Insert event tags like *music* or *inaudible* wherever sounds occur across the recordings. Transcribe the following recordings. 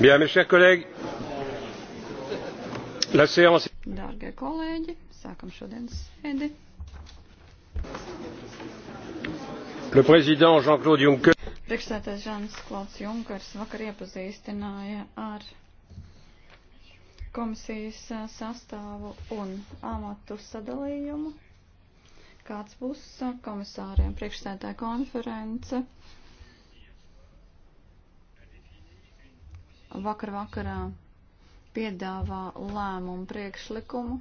Bien, mes chers collègues, la séance. Dārgie kolēģi, sākam šodienas sēdi. Le président Jean-Claude Juncker. Priekšsētājs Žans-Klauds Junkers vakar iepazīstināja ar komisijas sastāvu un amatu sadalījumu. Kāds būs komisāriem priekšsētāja konference? vakar vakarā piedāvā lēmumu priekšlikumu,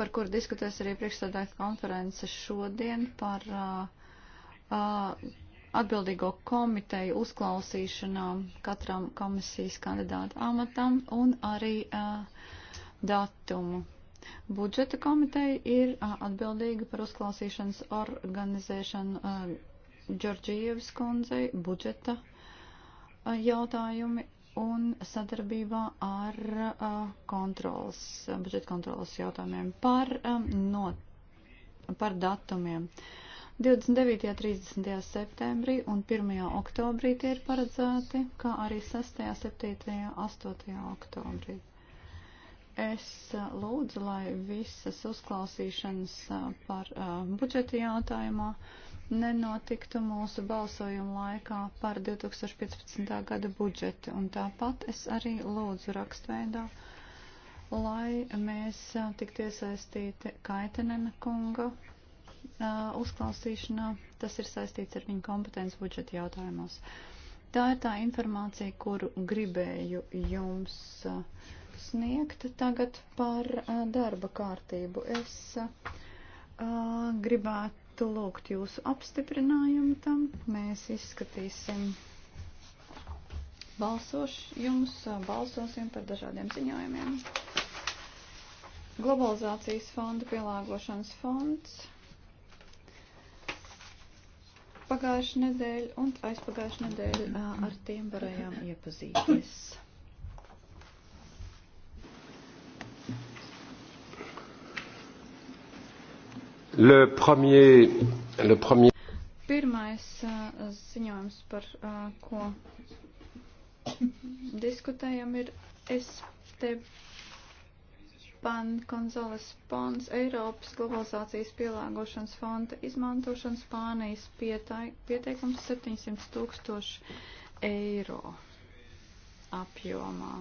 par kuru diskutēs arī priekšstādāja konference šodien par uh, atbildīgo komiteju uzklausīšanām katram komisijas kandidāta amatam un arī uh, datumu. Budžeta komiteja ir uh, atbildīga par uzklausīšanas organizēšanu uh, Džordžievas kundzei budžeta uh, jautājumi un sadarbībā ar kontrolas, budžeta kontrolas jautājumiem par, no, par datumiem. 29. un 30. septembrī un 1. oktobrī tie ir paredzēti, kā arī 6., 7., 8. oktobrī. Es lūdzu, lai visas uzklausīšanas par budžeta jautājumā uh, nenotiktu mūsu balsojuma laikā par 2015. gada budžeti. Un tāpat es arī lūdzu rakstveidā, lai mēs tiktu iesaistīti Kaitenena kunga uzklausīšanā. Tas ir saistīts ar viņu kompetenci budžeta jautājumos. Tā ir tā informācija, kuru gribēju jums sniegt tagad par darba kārtību. Es gribētu gribētu lūgt jūsu apstiprinājumu tam. Mēs izskatīsim balsoš, jums, balsosim par dažādiem ziņojumiem. Globalizācijas fonda pielāgošanas fonds pagājušajā nedēļā un aizpagājušajā nedēļā ar tiem varējām iepazīties. Le premier, le premier... Pirmais uh, ziņojums, par uh, ko diskutējam, ir Esteban Konzoles Pons, Eiropas globalizācijas pielāgošanas fonda izmantošana Spānijas pieteikums 700 tūkstoši eiro apjomā.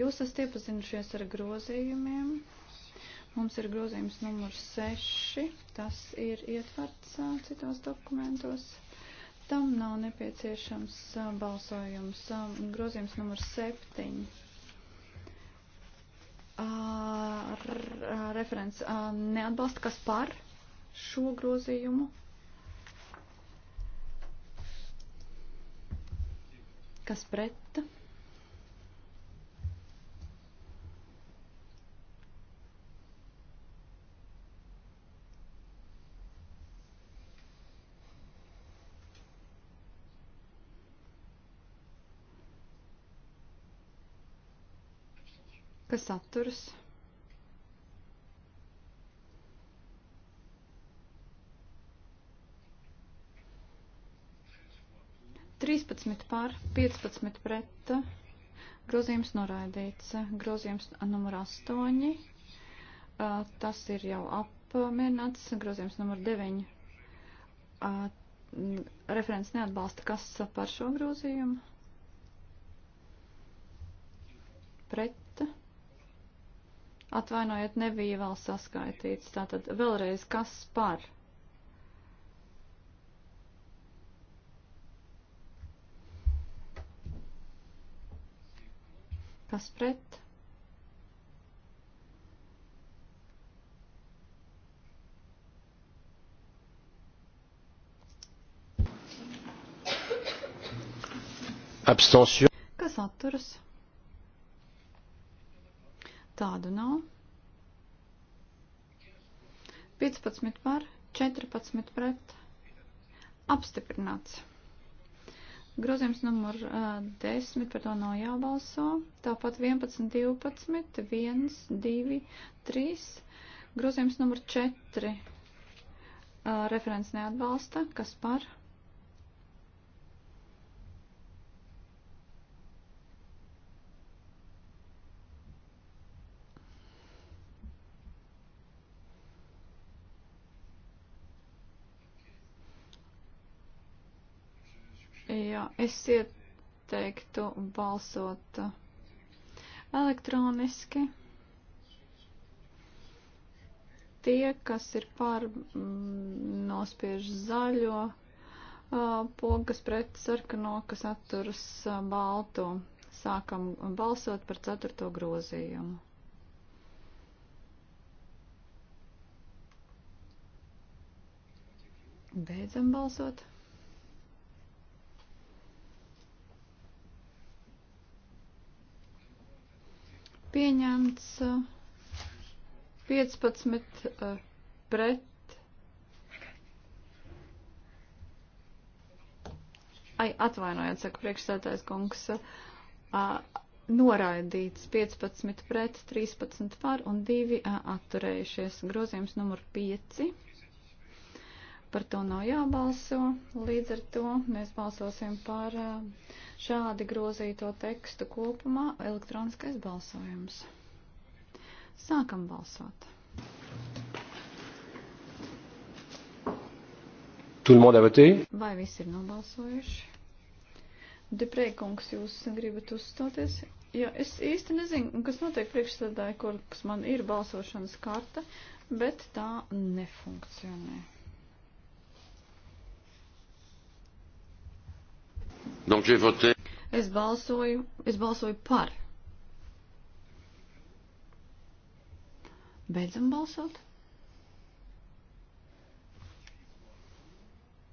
Jūs esat iepazinušies ar grozījumiem. Mums ir grozījums numurs 6, tas ir ietverts citos dokumentos. Tam nav nepieciešams balsojums. Grozījums numurs 7. Referents neatbalsta, kas par šo grozījumu. Kas pret? kas atturas. Trīspadsmit pār, piecpadsmit pret, grozījums noraidīts, grozījums numur astoņi, tas ir jau apmierināts, grozījums numur deviņi, referents neatbalsta, kas par šo grozījumu? Pret Atvainojiet, nebija vēl saskaitīts. Tātad vēlreiz, kas par? Kas pret? Abstention. Kas atturas? tādu nav. 15 par, 14 pret. Apstiprināts. Grozījums numur uh, 10, par to nav jābalso. Tāpat 11, 12, 1, 2, 3. Grozījums numur 4. Uh, referents neatbalsta. Kas par? Jā, es ieteiktu balsot uh, elektroniski. Tie, kas ir pār, mm, nospiež zaļo, uh, pogas pret sarkano, kas atturas uh, balto. Sākam balsot par ceturto grozījumu. Beidzam balsot. Pieņemts 15 eh, pret. Ai, atvainojiet, saka priekšsētājs kungs. Eh, noraidīts 15 pret, 13 par un 2 eh, atturējušies. Grozījums numur 5. Par to nav jābalso. Līdz ar to mēs balsosim par uh, šādi grozīto tekstu kopumā elektroniskais balsojums. Sākam balsot. Tout le monde a voté? Vai visi ir nobalsojuši? Deprēkungs, jūs gribat uzstāties? Jā, es īsti nezinu, kas notiek priekšsēdāja, kur, kas man ir balsošanas karta, bet tā nefunkcionē. Donc j'ai voté. Es balsoju, es balsoju par. Beidzam balsot.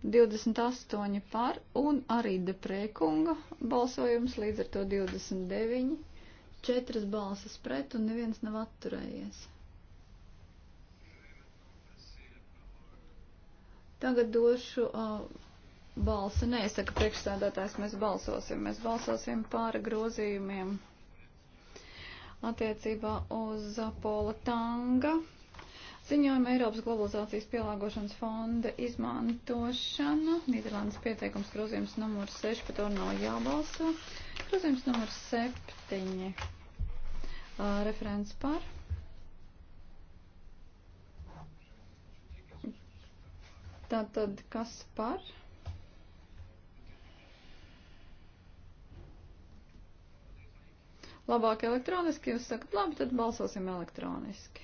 28 par un arī deprēkunga balsojums, līdz ar to 29, 4 balsas pret un neviens nav atturējies. Tagad došu uh, balsi neiesaka priekšsādātājs, mēs balsosim. Mēs balsosim pāri grozījumiem attiecībā uz Pola Tanga. Ziņojuma Eiropas globalizācijas pielāgošanas fonda izmantošana. Nīderlandes pieteikums grozījums numurs 6, par to nav jābalso. Grozījums numurs 7. Uh, referents par. Tātad kas par? Labāk elektroniski jūs sakat, labi, tad balsosim elektroniski.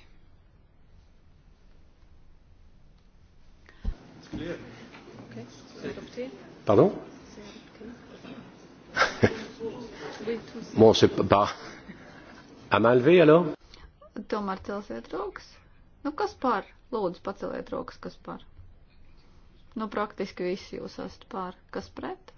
Pardon *laughs* Bon, c'est pas. À main levée, alors Tomēr celsiet rokas. Nu, kas par? Lūdzu, paceliet rokas, kas par? Nu, praktiski visi jūs esat par. Kas pret?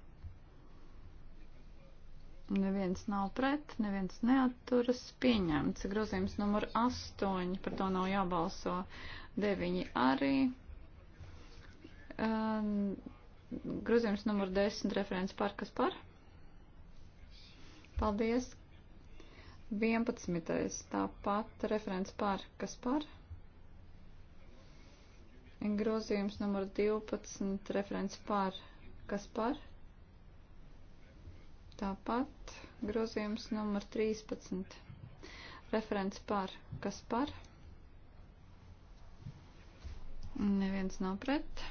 Neviens nav pret, neviens neaturas pieņemts. Grozījums numur 8, par to nav jābalso 9 arī. Um, grozījums numur 10, referents par kas par? Paldies. 11. Tāpat referents par kas par? Grozījums numur 12, referents par kas par? Tāpat grozījums numur 13. Referents par. Kas par? Neviens nav pret.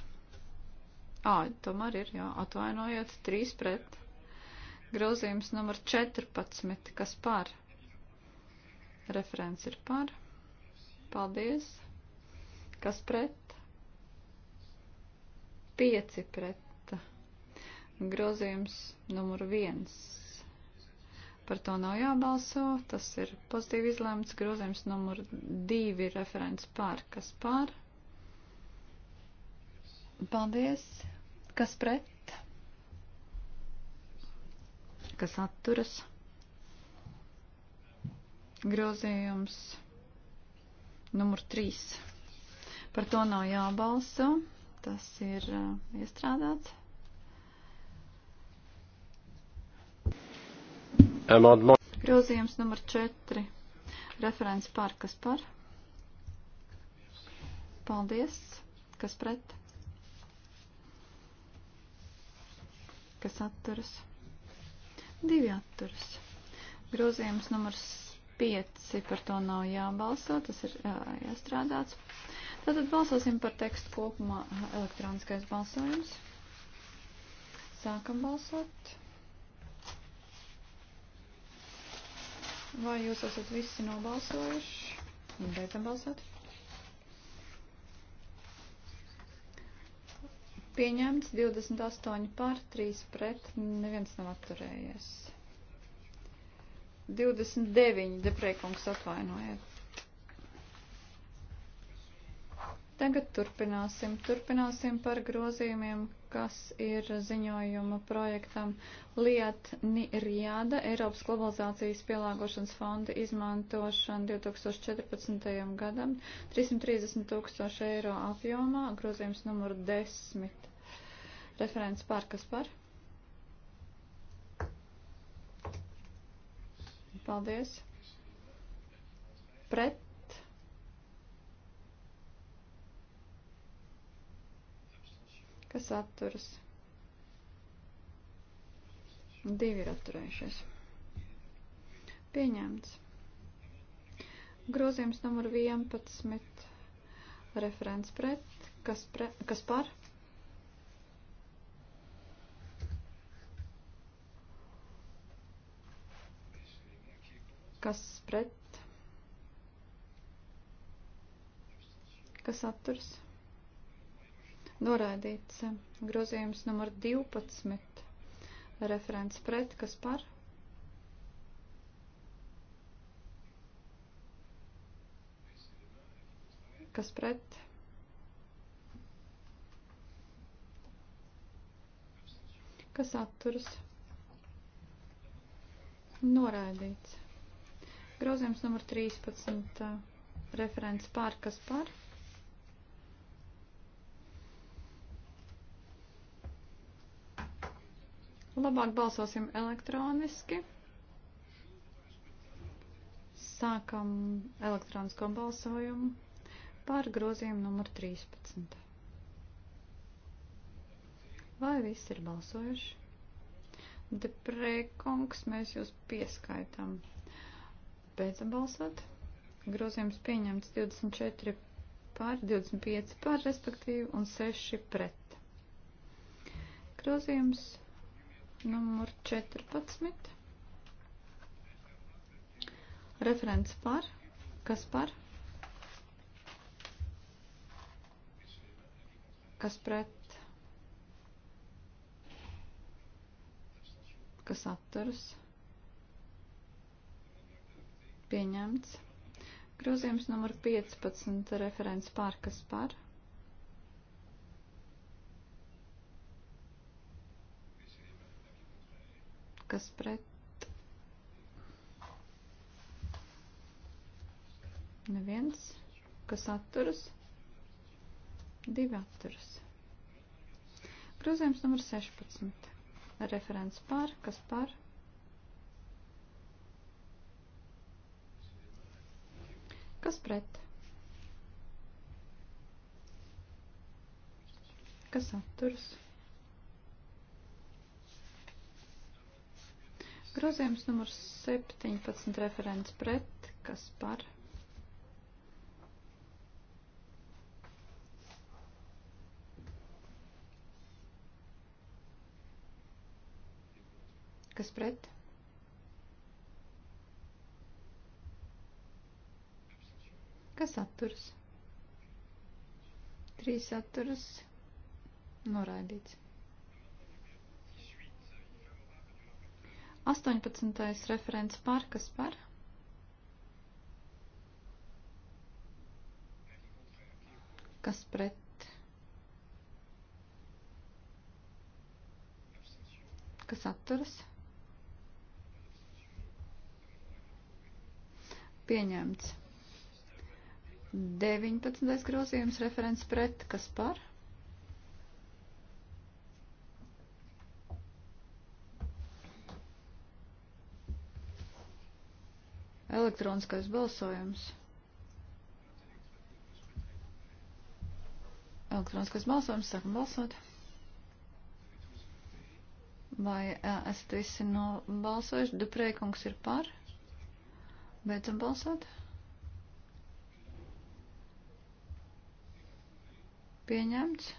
Ā, tomēr ir, jā, atvainojot, 3 pret. Grozījums numur 14. Kas par? Referents ir par. Paldies. Kas pret? 5 pret. Grozījums numur viens. Par to nav jābalso, tas ir pozitīvi izlēmts. Grozījums numur divi referents par, kas par. Paldies. Kas pret? Kas atturas? Grozījums numur 3. Par to nav jābalso. Tas ir uh, iestrādāts. Amendement. Grozījums numur 4. Referents par, kas par? Paldies. Kas pret? Kas atturas? Divi atturas. Grozījums numurs 5. Par to nav jābalso. Tas ir jā, jāstrādāts. Tātad balsosim par tekstu kopumā elektroniskais balsojums. Sākam balsot. Vai jūs esat visi nobalsojuši? Un beidzam balsot. Pieņemts 28 par, 3 pret, neviens nav atturējies. 29 deprēkungs atvainojiet. Tagad turpināsim. Turpināsim par grozījumiem, kas ir ziņojuma projektam Liet Niriada, Eiropas globalizācijas pielāgošanas fonda izmantošana 2014. gadam, 330 tūkstoši eiro apjomā, grozījums numur 10. Referents par kas par? Paldies. Pret kas atturas. Divi ir atturējušies. Pieņemts. Grozījums numur 11. Referents pret. Kas, pre, kas par? Kas pret? Kas atturs? Noraidīts grozījums numur 12. Referents pret, kas par? Kas pret? Kas atturas? Noraidīts. Grozījums numur 13. Referents pār, kas par? Labāk balsosim elektroniski. Sākam elektronisko balsojumu par grozījumu numur 13. Vai viss ir balsojuši? Deprēkungs, mēs jūs pieskaitām. Beidzam balsot. Grozījums pieņemts 24 pār, 25 pār, respektīvi, un 6 pret. Grozījums numur 14. Referents par. Kas par? Kas pret? Kas atturas? Pieņemts. Grozījums numur 15. Referents par. Kas par? kas pret. Neviens, kas atturas. Divi atturas. Grozījums numur 16. Referents par, kas par. Kas pret? Kas atturas? Grozījums numurs 17 referents pret, kas par. Kas pret? Kas atturas? Trīs atturas noraidīts. 18. referents par, kas par? Kas pret? Kas atturas? Pieņemts. 19. grozījums referents pret, kas par? Elektroniskais balsojums. Elektroniskais balsojums, sākam balsot. Vai esat visi nobalsojuši? Duprēkungs ir par. Beidzam balsot. Pieņemts.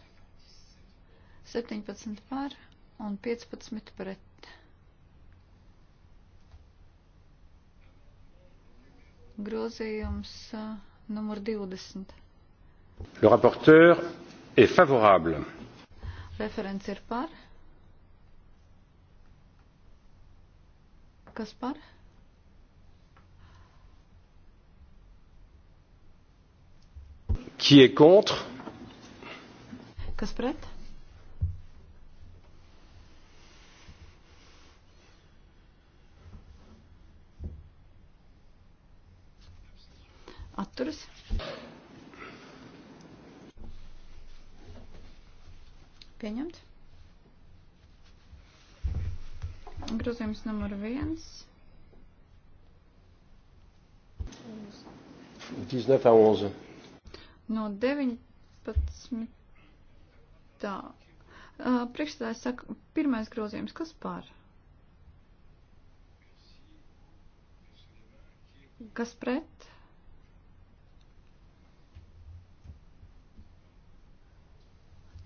17 par un 15 pret. Grozījums numur 20. Le rapporteur est favorable. Referents ir par. Kas par? Qui est contre? Kas pret? atturas. Pieņemt. Grozījums numur viens. 19 à 11. No 19. Tā. Uh, Priekšstādājs saka, pirmais grozījums, kas pār? Kas pret?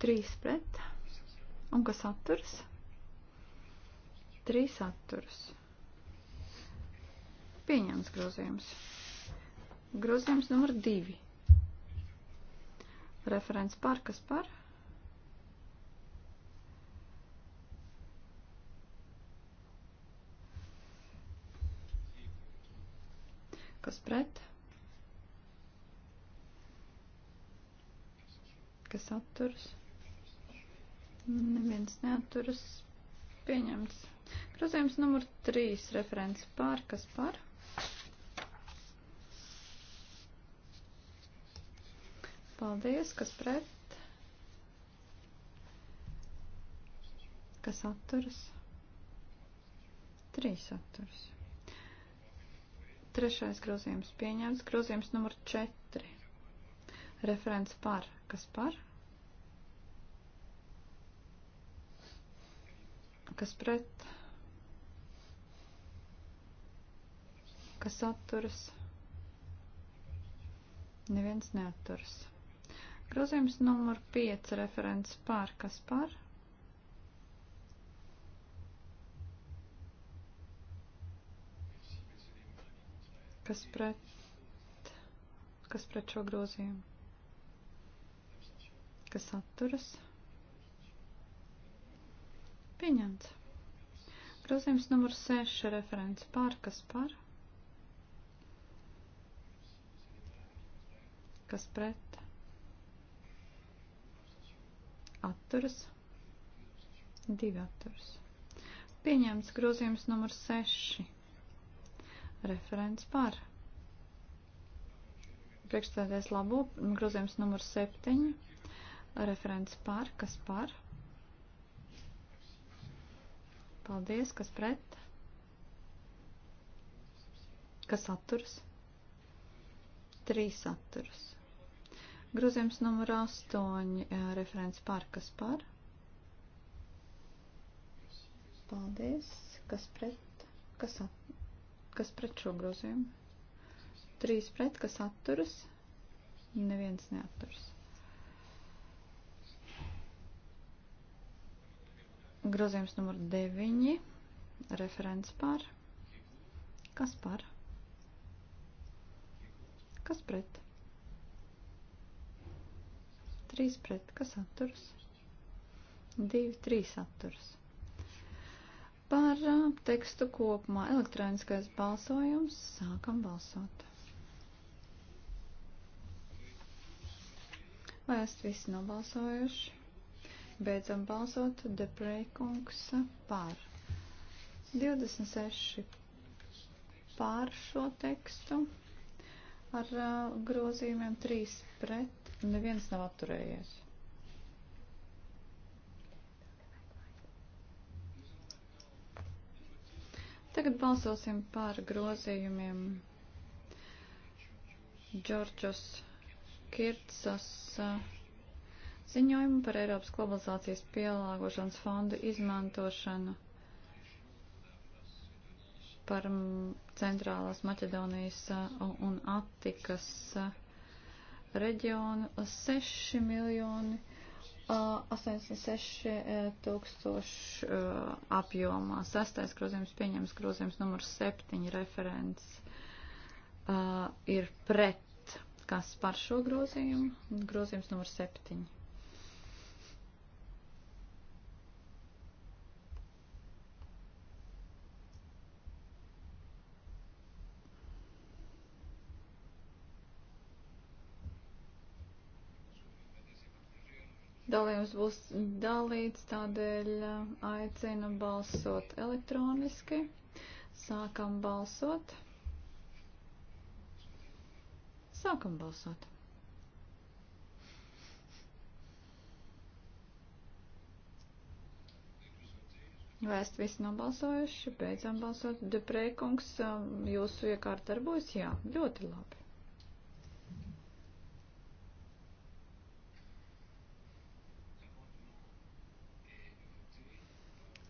3 pret. Un kas atturas? 3 atturas. Pieņems grozījums. Grozījums numur 2. Referents par kas par? Kas pret? Kas atturas? Neviens neaturas pieņemts. Grozījums numur 3 referents pār, kas par? Paldies, kas pret? Kas atturas? Trīs atturas. Trešais grozījums pieņemts. Grozījums numur 4. Referents par. Kas par? kas pret, kas atturas. Neviens neatturas. Grozījums numur 5 referents pār, kas par? Kas pret, kas pret šo grozījumu? Kas atturas? Pieņemts. Grozījums numur 6 referents par, kas par, kas pret, atturas, divi atturas. Pieņemts grozījums numur 6 referents par. Priekšstādēs labo grozījums numur 7 referents par, kas par Paldies, kas pret? Kas atturas? Trīs atturas. Grozījums numur 8, referents par, kas par? Paldies, kas pret, kas, at, kas pret šo grozījumu? Trīs pret, kas atturas? Neviens neatturas. Grozījums numur 9. Referents par. Kas par? Kas pret? 3 pret. Kas atturas? 2, 3 atturas. Par uh, tekstu kopumā elektroniskais balsojums. Sākam balsot. Vai esat visi nobalsojuši? Beidzam balsot. Deprēkungs par. 26 pār šo tekstu ar uh, grozījumiem 3 pret, neviens nav atturējies. Tagad balsosim par grozījumiem Džordžos Kirtsas uh, ziņojumu par Eiropas globalizācijas pielāgošanas fondu izmantošanu par centrālās Maķedonijas un Attikas reģionu 6 miljoni 86 e, tūkstoši apjomā. Sastais grozījums pieņems grozījums numurs 7 referents ir pret, kas par šo grozījumu. Grozījums numurs 7. dalījums būs dalīts, tādēļ aicinu balsot elektroniski. Sākam balsot. Sākam balsot. Vēst visi nobalsojuši, beidzam balsot. Deprēkungs, jūsu iekārta darbojas? Jā, ļoti labi.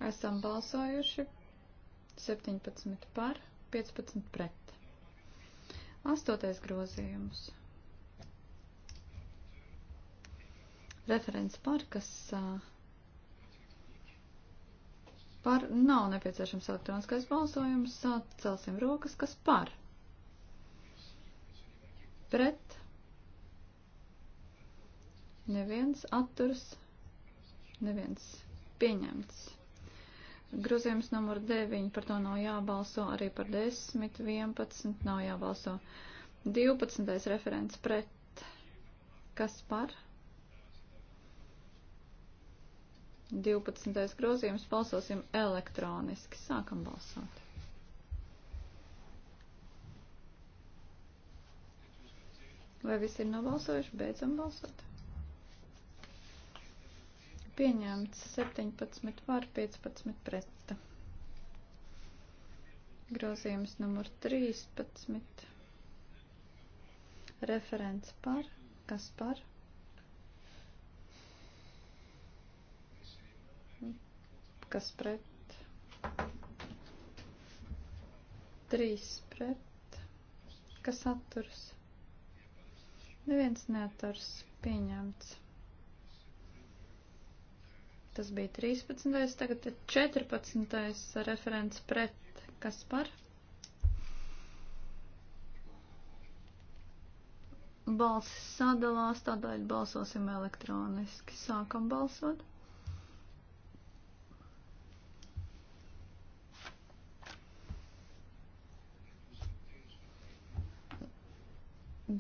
Esam balsojuši 17 par, 15 pret. Astotais grozījums. Referents par, kas par nav nepieciešams elektroniskais balsojums, celsim rokas, kas par. Pret. Neviens atturs. Neviens pieņemts. Grozījums numur 9, par to nav jābalso, arī par 10, 11 nav jābalso. 12. referents pret. Kas par? 12. grozījums balsosim elektroniski. Sākam balsot. Vai visi ir nobalsojuši? Beidzam balsot pieņemts 17 pār 15 pret. Grozījums numur 13. Referents par, kas par? Kas pret? 3 pret. Kas atturs? Neviens neturs pieņemts. Tas bija 13. Tagad ir 14. referents pret kas par? Balsis sadalās, tādēļ balsosim elektroniski. Sākam balsot.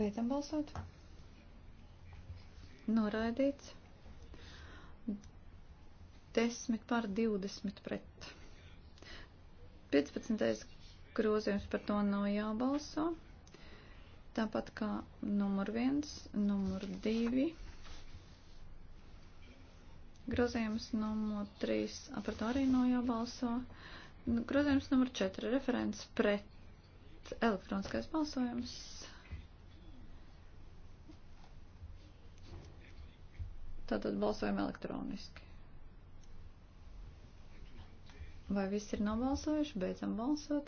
Beidzam balsot. Noraidīts. 10 pār 20 pret. 15. grozījums par to nav jābalso. Tāpat kā numur 1, numur 2. Grozījums numur 3, par to arī nav jābalso. Grozījums numur 4, referents pret elektroniskais balsojums. Tātad balsojam elektroniski. Vai viss ir nobalsojuši? Beidzam balsot.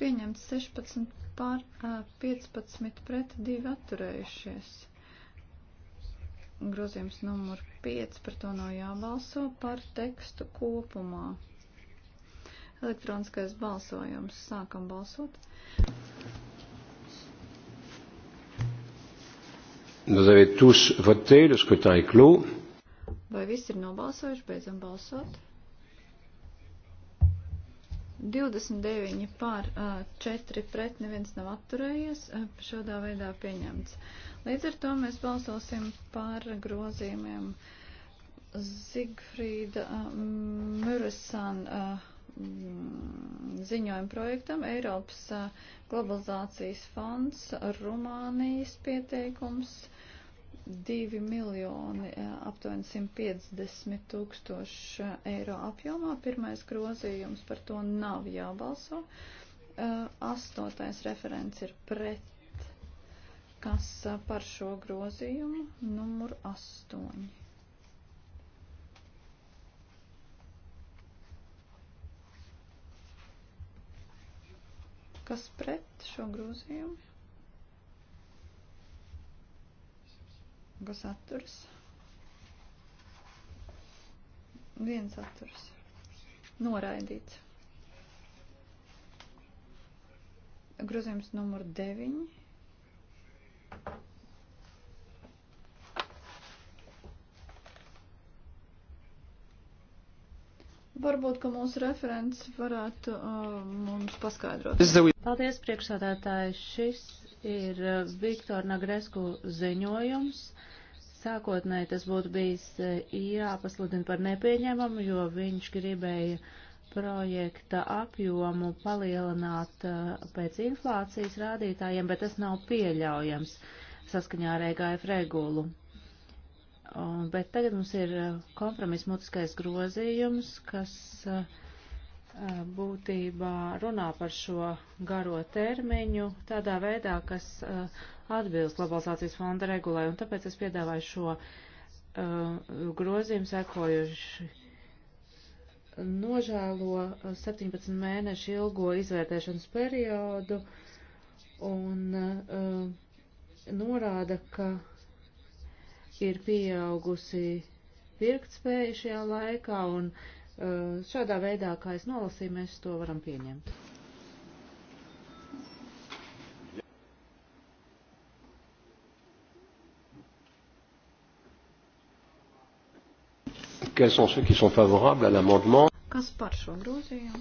Pieņemts 16 pār 15 pret 2 atturējušies. Grozījums numur 5 par to nav jābalso par tekstu kopumā. Elektroniskais balsojums. Sākam balsot. Vous avez tous voté, le scrutin est clos. Vai viss ir nobalsojuši? Beidzam balsot. 29 pār 4 pret neviens nav atturējies, šādā veidā pieņemts. Līdz ar to mēs balsosim pār grozījumiem Zigfrīda Murasana mm, ziņojuma projektam Eiropas globalizācijas fonds, Rumānijas pieteikums 2 miljoni, eh, aptuveni 150 tūkstoši eh, eiro apjomā. Pirmais grozījums par to nav jābalso. Eh, astotais referents ir pret, kas par šo grozījumu numur 8. Kas pret šo grozījumu? kas atturas. Viens atturas. Noraidīts. Grozījums numur 9. Varbūt, ka mūsu referents varētu uh, mums paskaidrot. Paldies, priekšsādātāji. Šis ir uh, Viktora Nagresku ziņojums. Uh, Sākotnēji tas būtu bijis e, jāpasludina par nepieņemamu, jo viņš gribēja projekta apjomu palielināt e, pēc inflācijas rādītājiem, bet tas nav pieļaujams saskaņā ar EGF regulu. Bet tagad mums ir e, kompromismutiskais grozījums, kas uh, būtībā runā par šo garo termiņu tādā veidā, kas atbilst globalizācijas fonda regulai, un tāpēc es piedāvāju šo uh, grozījumu sekojuši nožēlo 17 mēnešu ilgo izvērtēšanas periodu un uh, norāda, ka ir pieaugusi pirktspēja šajā laikā un uh, Eh, šādā veidā, kā es nolasīju, mēs to varam pieņemt. Quels sont ceux qui sont favorables à l'amendement Kas par šo grozījumu?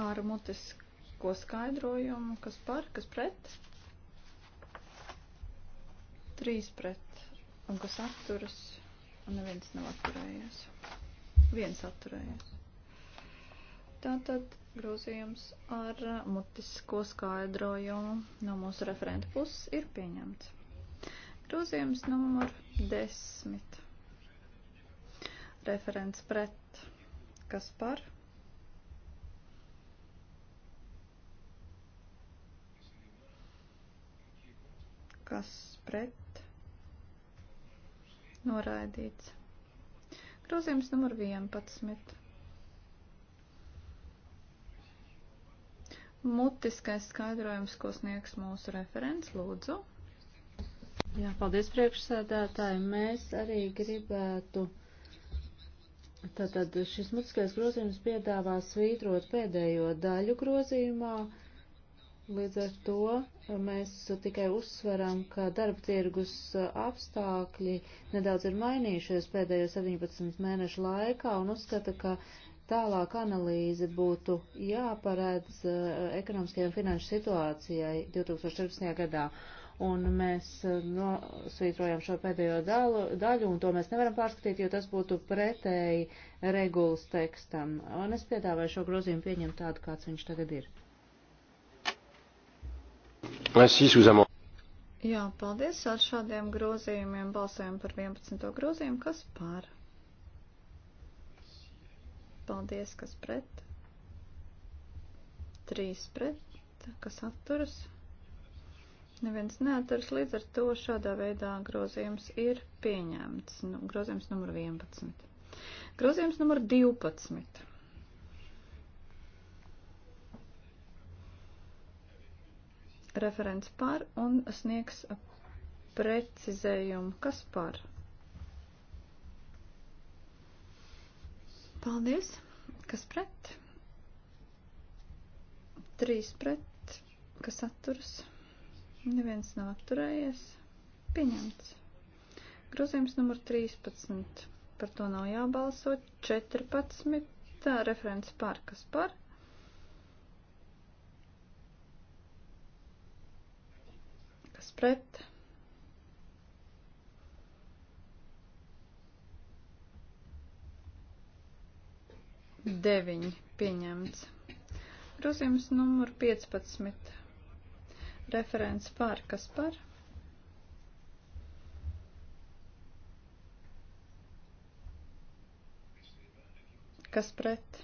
Ar mutisko skaidrojumu, kas par, kas pret? Trīs pret. Un kas atturas? un neviens nav atturējies. Viens atturējies. Tātad grozījums ar uh, mutisko skaidrojumu no mūsu referenta puses ir pieņemts. Grozījums numur 10. Referents pret. Kas par? Kas pret? Noraidīts. Grozījums numur 11. Mutiskais skaidrojums, ko sniegs mūsu referents, lūdzu. Jā, paldies priekšsēdētāji. Mēs arī gribētu. Tātad šis mutiskais grozījums piedāvā svītrot pēdējo daļu grozījumā, uh, Līdz ar to mēs tikai uzsveram, ka darba tirgus apstākļi nedaudz ir mainījušies pēdējo 17 mēnešu laikā un uzskata, ka tālāk analīze būtu jāparedz eh, ekonomiskajai un finanšu situācijai 2014. gadā. Un mēs eh, nosvītrojam šo pēdējo dalu, daļu, un to mēs nevaram pārskatīt, jo tas būtu pretēji regulas tekstam. Un es piedāvāju šo grozījumu pieņemt tādu, kāds viņš tagad ir. Jā, paldies ar šādiem grozījumiem. Balsējam par 11. grozījumu. Kas par? Paldies, kas pret? Trīs pret, kas atturas? Neviens neatturas, līdz ar to šādā veidā grozījums ir pieņemts. Nu, grozījums numur 11. Grozījums numur 12. referents par un sniegs precizējumu, kas par. Paldies. Kas pret? Trīs pret. Kas atturas? Neviens nav atturējies. Pieņemts. Grozījums numur 13. Par to nav jābalso. 14. Referents par. Kas par? pret. Deviņi pieņemts. Grozījums numur 15. Referents par kas par? Kas pret?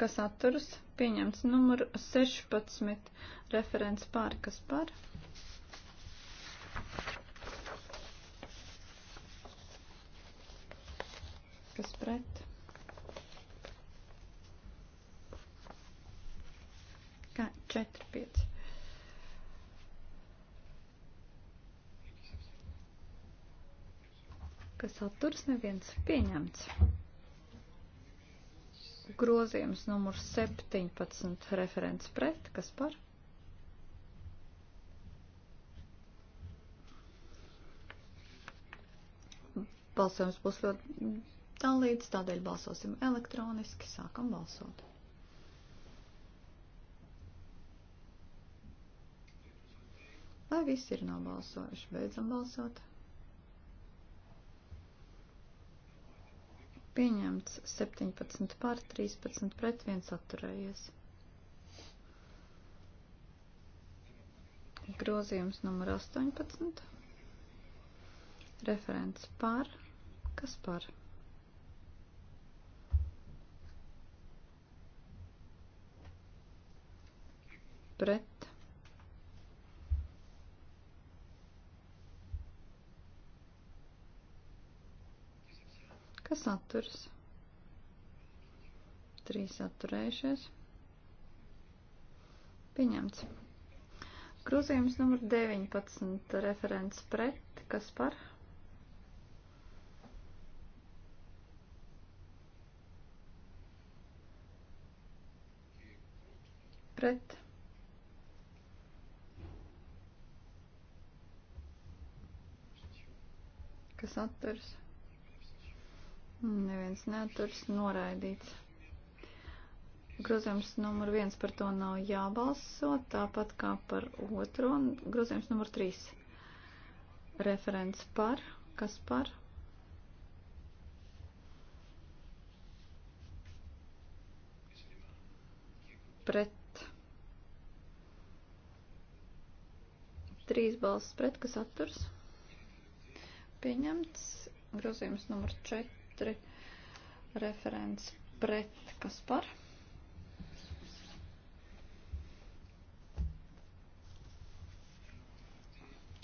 kas atturas, pieņemts numur 16, referents pār, kas par. Kas pret? Kā 4, 5. Kas atturas, neviens pieņemts grozījums numur 17 referents pret, kas par? Balsojums būs ļoti dalīts, tādēļ balsosim elektroniski, sākam balsot. Vai visi ir nobalsojuši? Beidzam balsot. Pieņemts 17 pār 13 pret 1 atturējies. Grozījums numur 18. Referents par. Kas par? Pret Kas atturas? Trīs atturējušies. Pieņemts. Grūzījums numur 19. Referents pret. Kas par? pret. Kas atturas? Neviens neturs noraidīts. Grozījums numur viens par to nav jābalso, tāpat kā par otro. Grozījums numur trīs. Referents par. Kas par? Pret. Trīs balsts pret, kas atturs. Pieņemts. Grozījums numur četri 4 referents pret, kas par.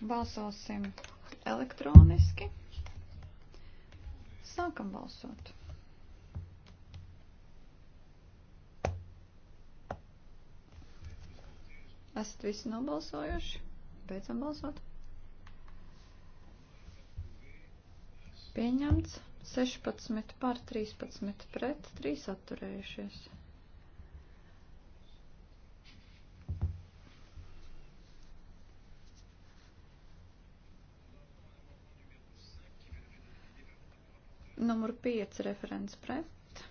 Balsosim elektroniski. Sākam balsot. Esat visi nobalsojuši? Beidzam balsot. Pieņemts. 16 par 13 pret 3 atturējušies. Numur 5 referents pret.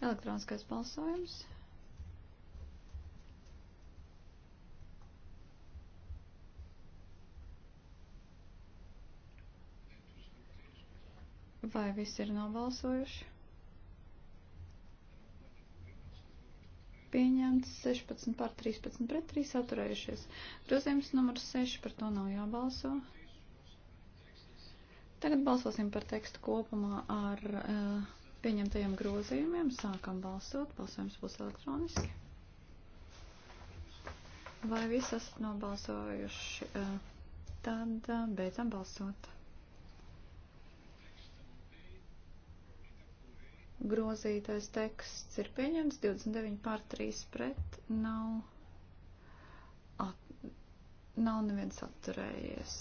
Elektroniskais balsojums. Vai visi ir nobalsojuši? Pieņemts 16 pār 13 pret 3 atturējušies. Grozījums numurs 6 par to nav jābalso. Tagad balsosim par tekstu kopumā ar uh, pieņemtajiem grozījumiem. Sākam balsot. Balsojums būs elektroniski. Vai visi esat nobalsojuši? Uh, tad uh, beidzam balsot. grozītais teksts ir pieņemts, 29 pār 3 pret, nav, at, nav neviens atturējies.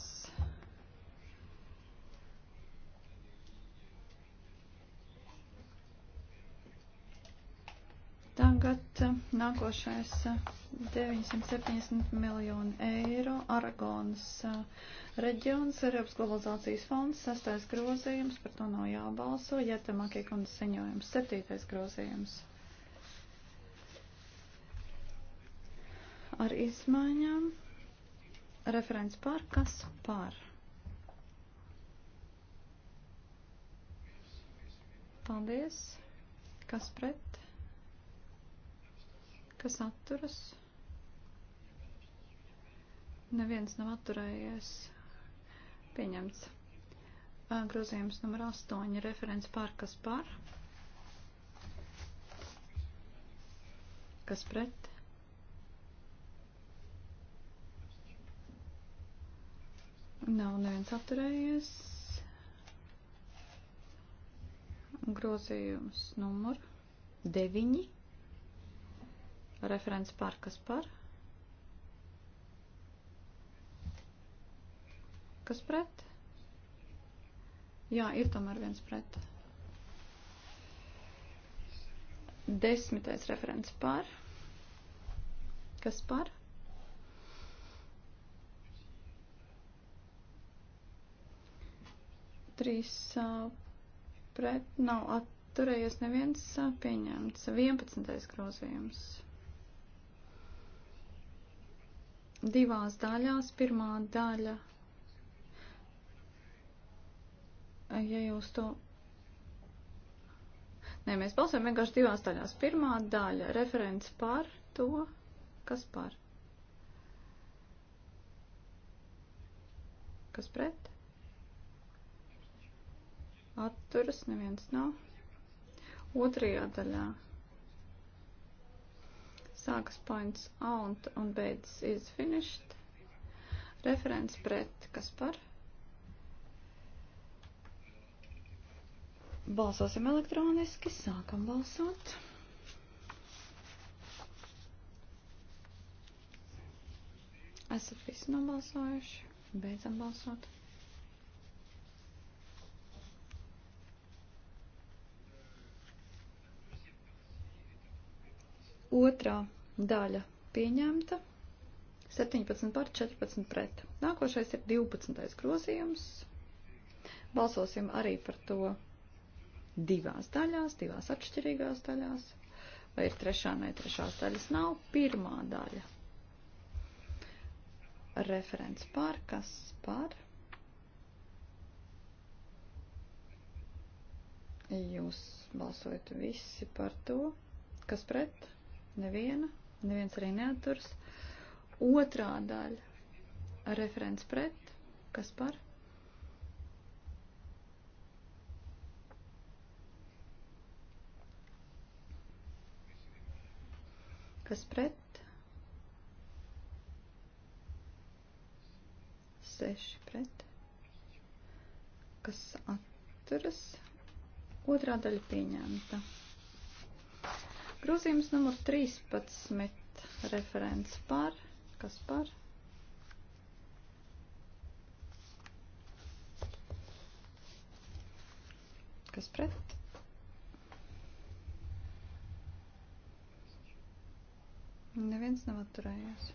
Tagad uh, nākošais 970 uh, miljonu eiro Aragonas uh, reģions, Eiropas globalizācijas fonds, sastais grozījums, par to nav jābalso, Jētamākie kundas ziņojums, septītais grozījums. Ar izmaiņām referents par kas par. Paldies. Kas pret? kas atturas. Neviens nav atturējies. Pieņemts. Grozījums numur 8. Referents par kas par. Kas pret? Nav neviens atturējies. Grozījums numur 9. Referents par kas par? Kas pret? Jā, ir tomēr viens pret. Desmitais referents par. Kas par? Trīs uh, pret nav atturējies neviens uh, pieņemts. Vienpadsmitais grozījums. divās daļās. Pirmā daļa, ja jūs to. Nē, mēs balsojam vienkārši divās daļās. Pirmā daļa - referents par to, kas par. Kas pret? Atturas neviens nav. Otrajā daļā sākas points out un beidzas is finished. Referents pret, kas par? Balsosim elektroniski, sākam balsot. Esat visi nobalsojuši, beidzam balsot. Otrā daļa pieņemta. 17 par 14 pret. Nākošais ir 12. grozījums. Balsosim arī par to divās daļās, divās atšķirīgās daļās. Vai ir trešā, ne trešās daļas nav. Pirmā daļa. Referents par, kas par. Jūs balsojat visi par to, kas pret, neviena, neviens arī neaturs. Otrā daļa referents pret, kas par? Kas pret? Seši pret. Kas atturas? Otrā daļa pieņemta. Grozījums numur 13. Referents par. Kas par? kas pret. Neviens nav atturējies.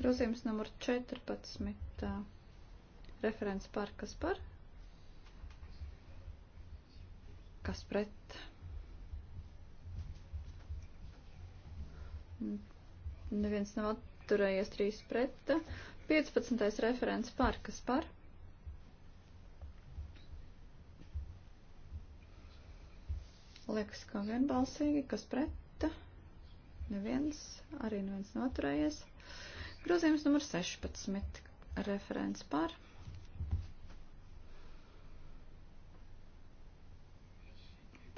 Grozījums numur 14. Tā, referents par kas par? Kas pret? Neviens nav atturējies 3 pret. 15. referents par, kas par? Liekas, kā vienbalsīgi, kas pret? Neviens, arī neviens nav atturējies. Grozījums numur 16. Referents par.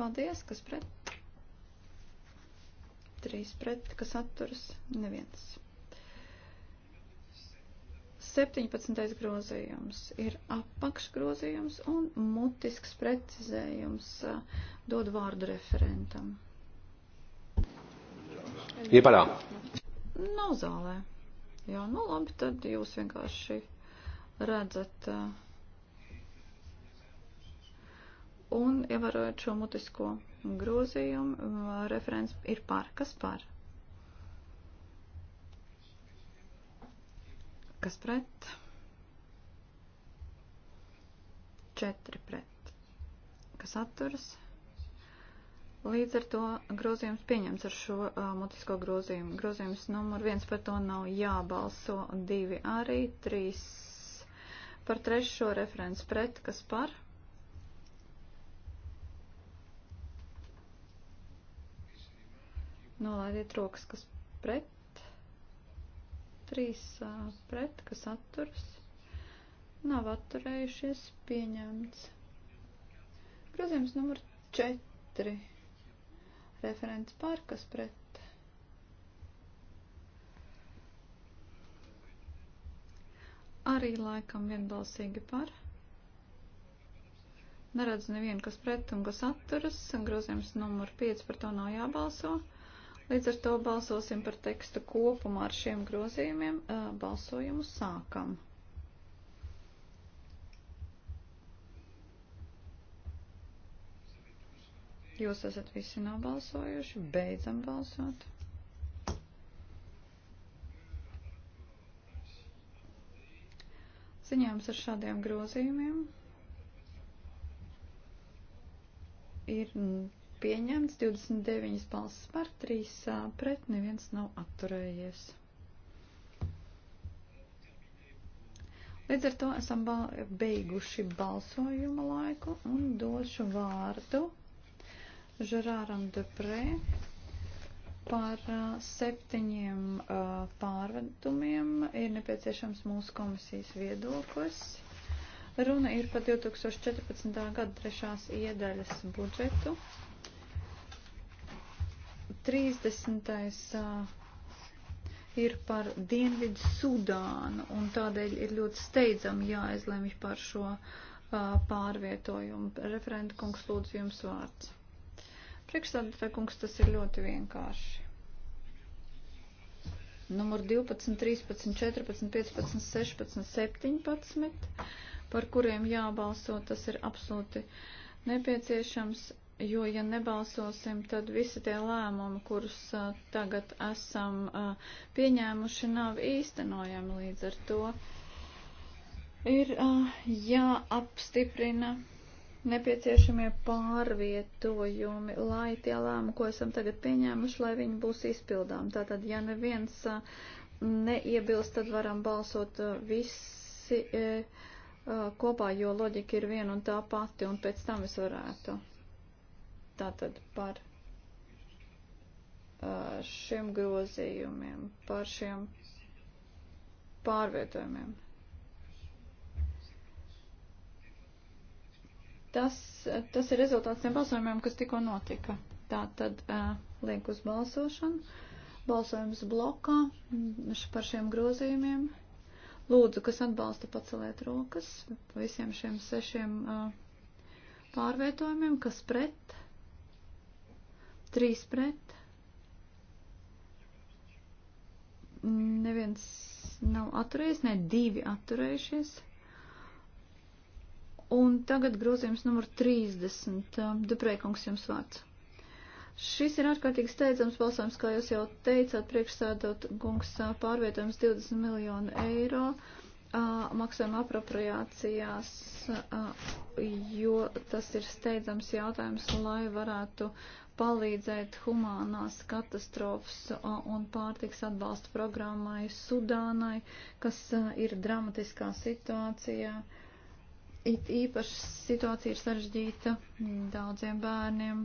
Paldies, kas pret? 3 pret, kas atturas, neviens. 17. grozījums ir apakšgrozījums un mutisks precizējums dod vārdu referentam. Iepārā. Nav zālē. Jā, nu labi, tad jūs vienkārši redzat. Uh, Un, ievērojot šo mutisko grozījumu, referents ir par. Kas par? Kas pret? Četri pret. Kas atturas? Līdz ar to grozījums pieņems ar šo uh, mutisko grozījumu. Grozījums numur viens par to nav jābalso, divi arī, trīs par trešo referents pret, kas par? Nolaidiet rokas, kas pret. Trīs pret, kas atturas. Nav atturējušies. Pieņemts. Grozījums numur 4. Referents par, kas pret. Arī laikam vienbalsīgi par. Neredzu nevienu, kas pret un kas atturas. Grozījums numur 5 par to nav jābalso. Līdz ar to balsosim par tekstu kopumā ar šiem grozījumiem. Balsojumu sākam. Jūs esat visi nobalsojuši. Beidzam balsot. Ziņojums ar šādiem grozījumiem ir pieņemts, 29 balsis par, 3 pret, neviens nav atturējies. Līdz ar to esam beiguši balsojuma laiku un došu vārdu Žerāram Deprē par septiņiem pārvedumiem. Ir nepieciešams mūsu komisijas viedoklis. Runa ir par 2014. gada trešās iedaļas budžetu. 30. ir par Dienvidu Sudānu, un tādēļ ir ļoti steidzami jāizlemj par šo pārvietojumu. Referenta kungs, lūdzu, jums vārds. Priekšstādātāja kungs, tas ir ļoti vienkārši. Numur 12, 13, 14, 15, 16, 17, par kuriem jābalso, tas ir absolūti nepieciešams jo, ja nebalsosim, tad visi tie lēmumi, kurus tagad esam pieņēmuši, nav īstenojami līdz ar to. Ir jāapstiprina nepieciešamie pārvietojumi, lai tie lēmumi, ko esam tagad pieņēmuši, lai viņi būs izpildām. Tātad, ja neviens neiebilst, tad varam balsot visi kopā, jo loģika ir viena un tā pati, un pēc tam es varētu Tātad par šiem grozījumiem, par šiem pārvietojumiem. Tas, tas ir rezultāts tiem balsojumiem, kas tikko notika. Tā tad uh, liek uz balsošanu. Balsojums blokā par šiem grozījumiem. Lūdzu, kas atbalsta paceliet rokas visiem šiem sešiem uh, pārvietojumiem, kas pret. 3 pret. Neviens nav atturējies, ne divi atturējušies. Un tagad grozījums numur 30. Um, Duprēkungs jums vārds. Šis ir ārkārtīgi steidzams balsojums, kā jūs jau teicāt, priekšsēdot kungs uh, pārvietojums 20 miljonu eiro uh, maksājuma apropriācijās, a, uh, jo tas ir steidzams jautājums, lai varētu palīdzēt humānās katastrofas un pārtiks atbalsta programmai Sudānai, kas ir dramatiskā situācijā. It īpaši situācija ir sarežģīta daudziem bērniem.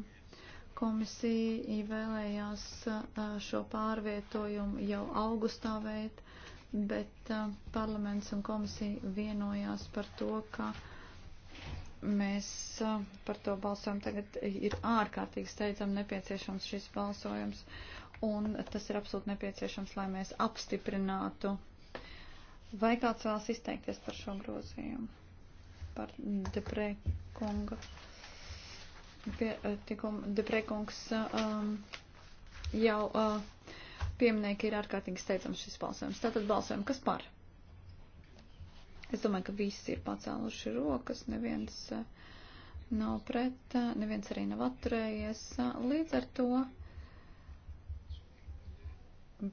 Komisija vēlējās šo pārvietojumu jau augustā veikt, bet parlaments un komisija vienojās par to, ka uh, mēs par to balsojam tagad, ir ārkārtīgi steidzam nepieciešams šis balsojums, un tas ir absolūti nepieciešams, lai mēs apstiprinātu. Vai kāds vēlas izteikties par šo grozījumu? Par Deprē kunga. Deprē kungs um, jau uh, pieminēja, ka ir ārkārtīgi steidzams šis balsojums. Tātad balsojam, kas par? Es domāju, ka visi ir pacēluši rokas, neviens eh, nav pret, eh, neviens arī nav atturējies. Eh, līdz ar to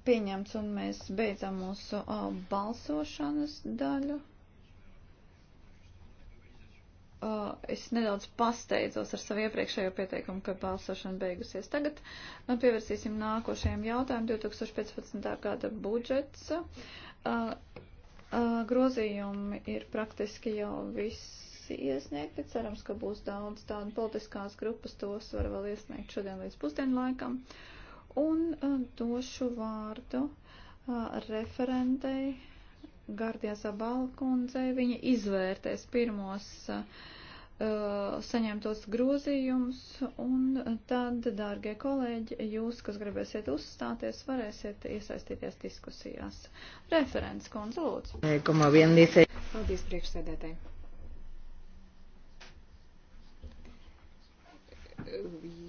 pieņemts un mēs beidzam mūsu balsošanas daļu. Uh, es nedaudz pasteidzos ar savu iepriekšējo pieteikumu, ka balsošana beigusies. Tagad nu, pievērsīsim nākošajam jautājumam. 2015. gada budžets. Uh, Grozījumi ir praktiski jau visi iesniegti. Cerams, ka būs daudz tādu politiskās grupas, tos var vēl iesniegt šodien līdz pusdienlaikam. Un došu vārdu referentei Gardijā Zabalkundzei. Viņa izvērtēs pirmos uh, Uh, saņemtos grozījumus, un tad, dārgie kolēģi, jūs, kas gribēsiet uzstāties, varēsiet iesaistīties diskusijās. Referents konsults. Eh, Paldies priekšsēdētāji.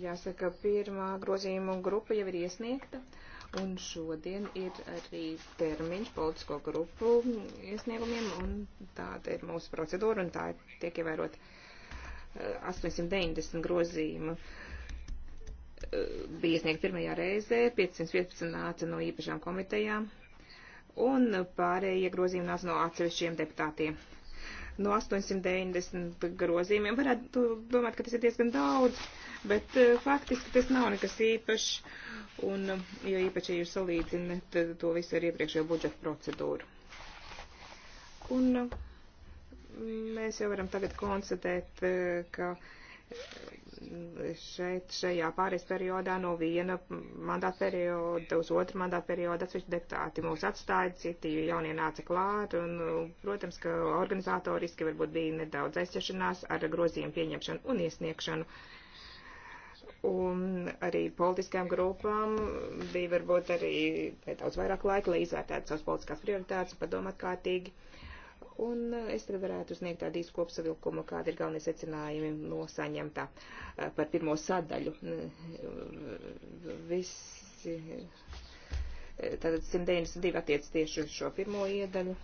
Jāsaka, pirmā grozījuma grupa jau ir iesniegta. Un šodien ir arī termiņš politisko grupu iesniegumiem, un tāda ir mūsu procedūra, un tā tiek ievērota. 890 grozījumu eh, bija iesniegti pirmajā reizē, 515 nāca no īpašām komitejām, un pārējie grozījumi nāca no atsevišķiem deputātiem. No 890 grozījumiem varētu domāt, ka tas ir diezgan daudz, bet eh, faktiski tas nav nekas īpašs, un jo īpaši, ja jūs salīdzinat to visu ar iepriekšējo budžetu procedūru. Un uh, Mēs jau varam tagad konstatēt, eh, ka eh, šeit, šajā pāris periodā no viena mandāta perioda uz otru mandāta periodu atsevišķi deputāti mūs atstāja, citi jaunie nāca klāt, un, nu, protams, ka organizatoriski varbūt bija nedaudz aizķeršanās ar grozījumu pieņemšanu un iesniegšanu. Un arī politiskajām grupām bija varbūt arī nedaudz vairāk laika, lai izvērtētu savas politiskās prioritātes un padomāt kārtīgi. Uh, Un uh, es tagad varētu sniegt tādu īsu kopsavilkumu, kāda ir galvenie secinājumi no saņemtā uh, par pirmo sadaļu. Mm, visi, uh, tātad 192 attiec tieši uz šo pirmo iedaļu.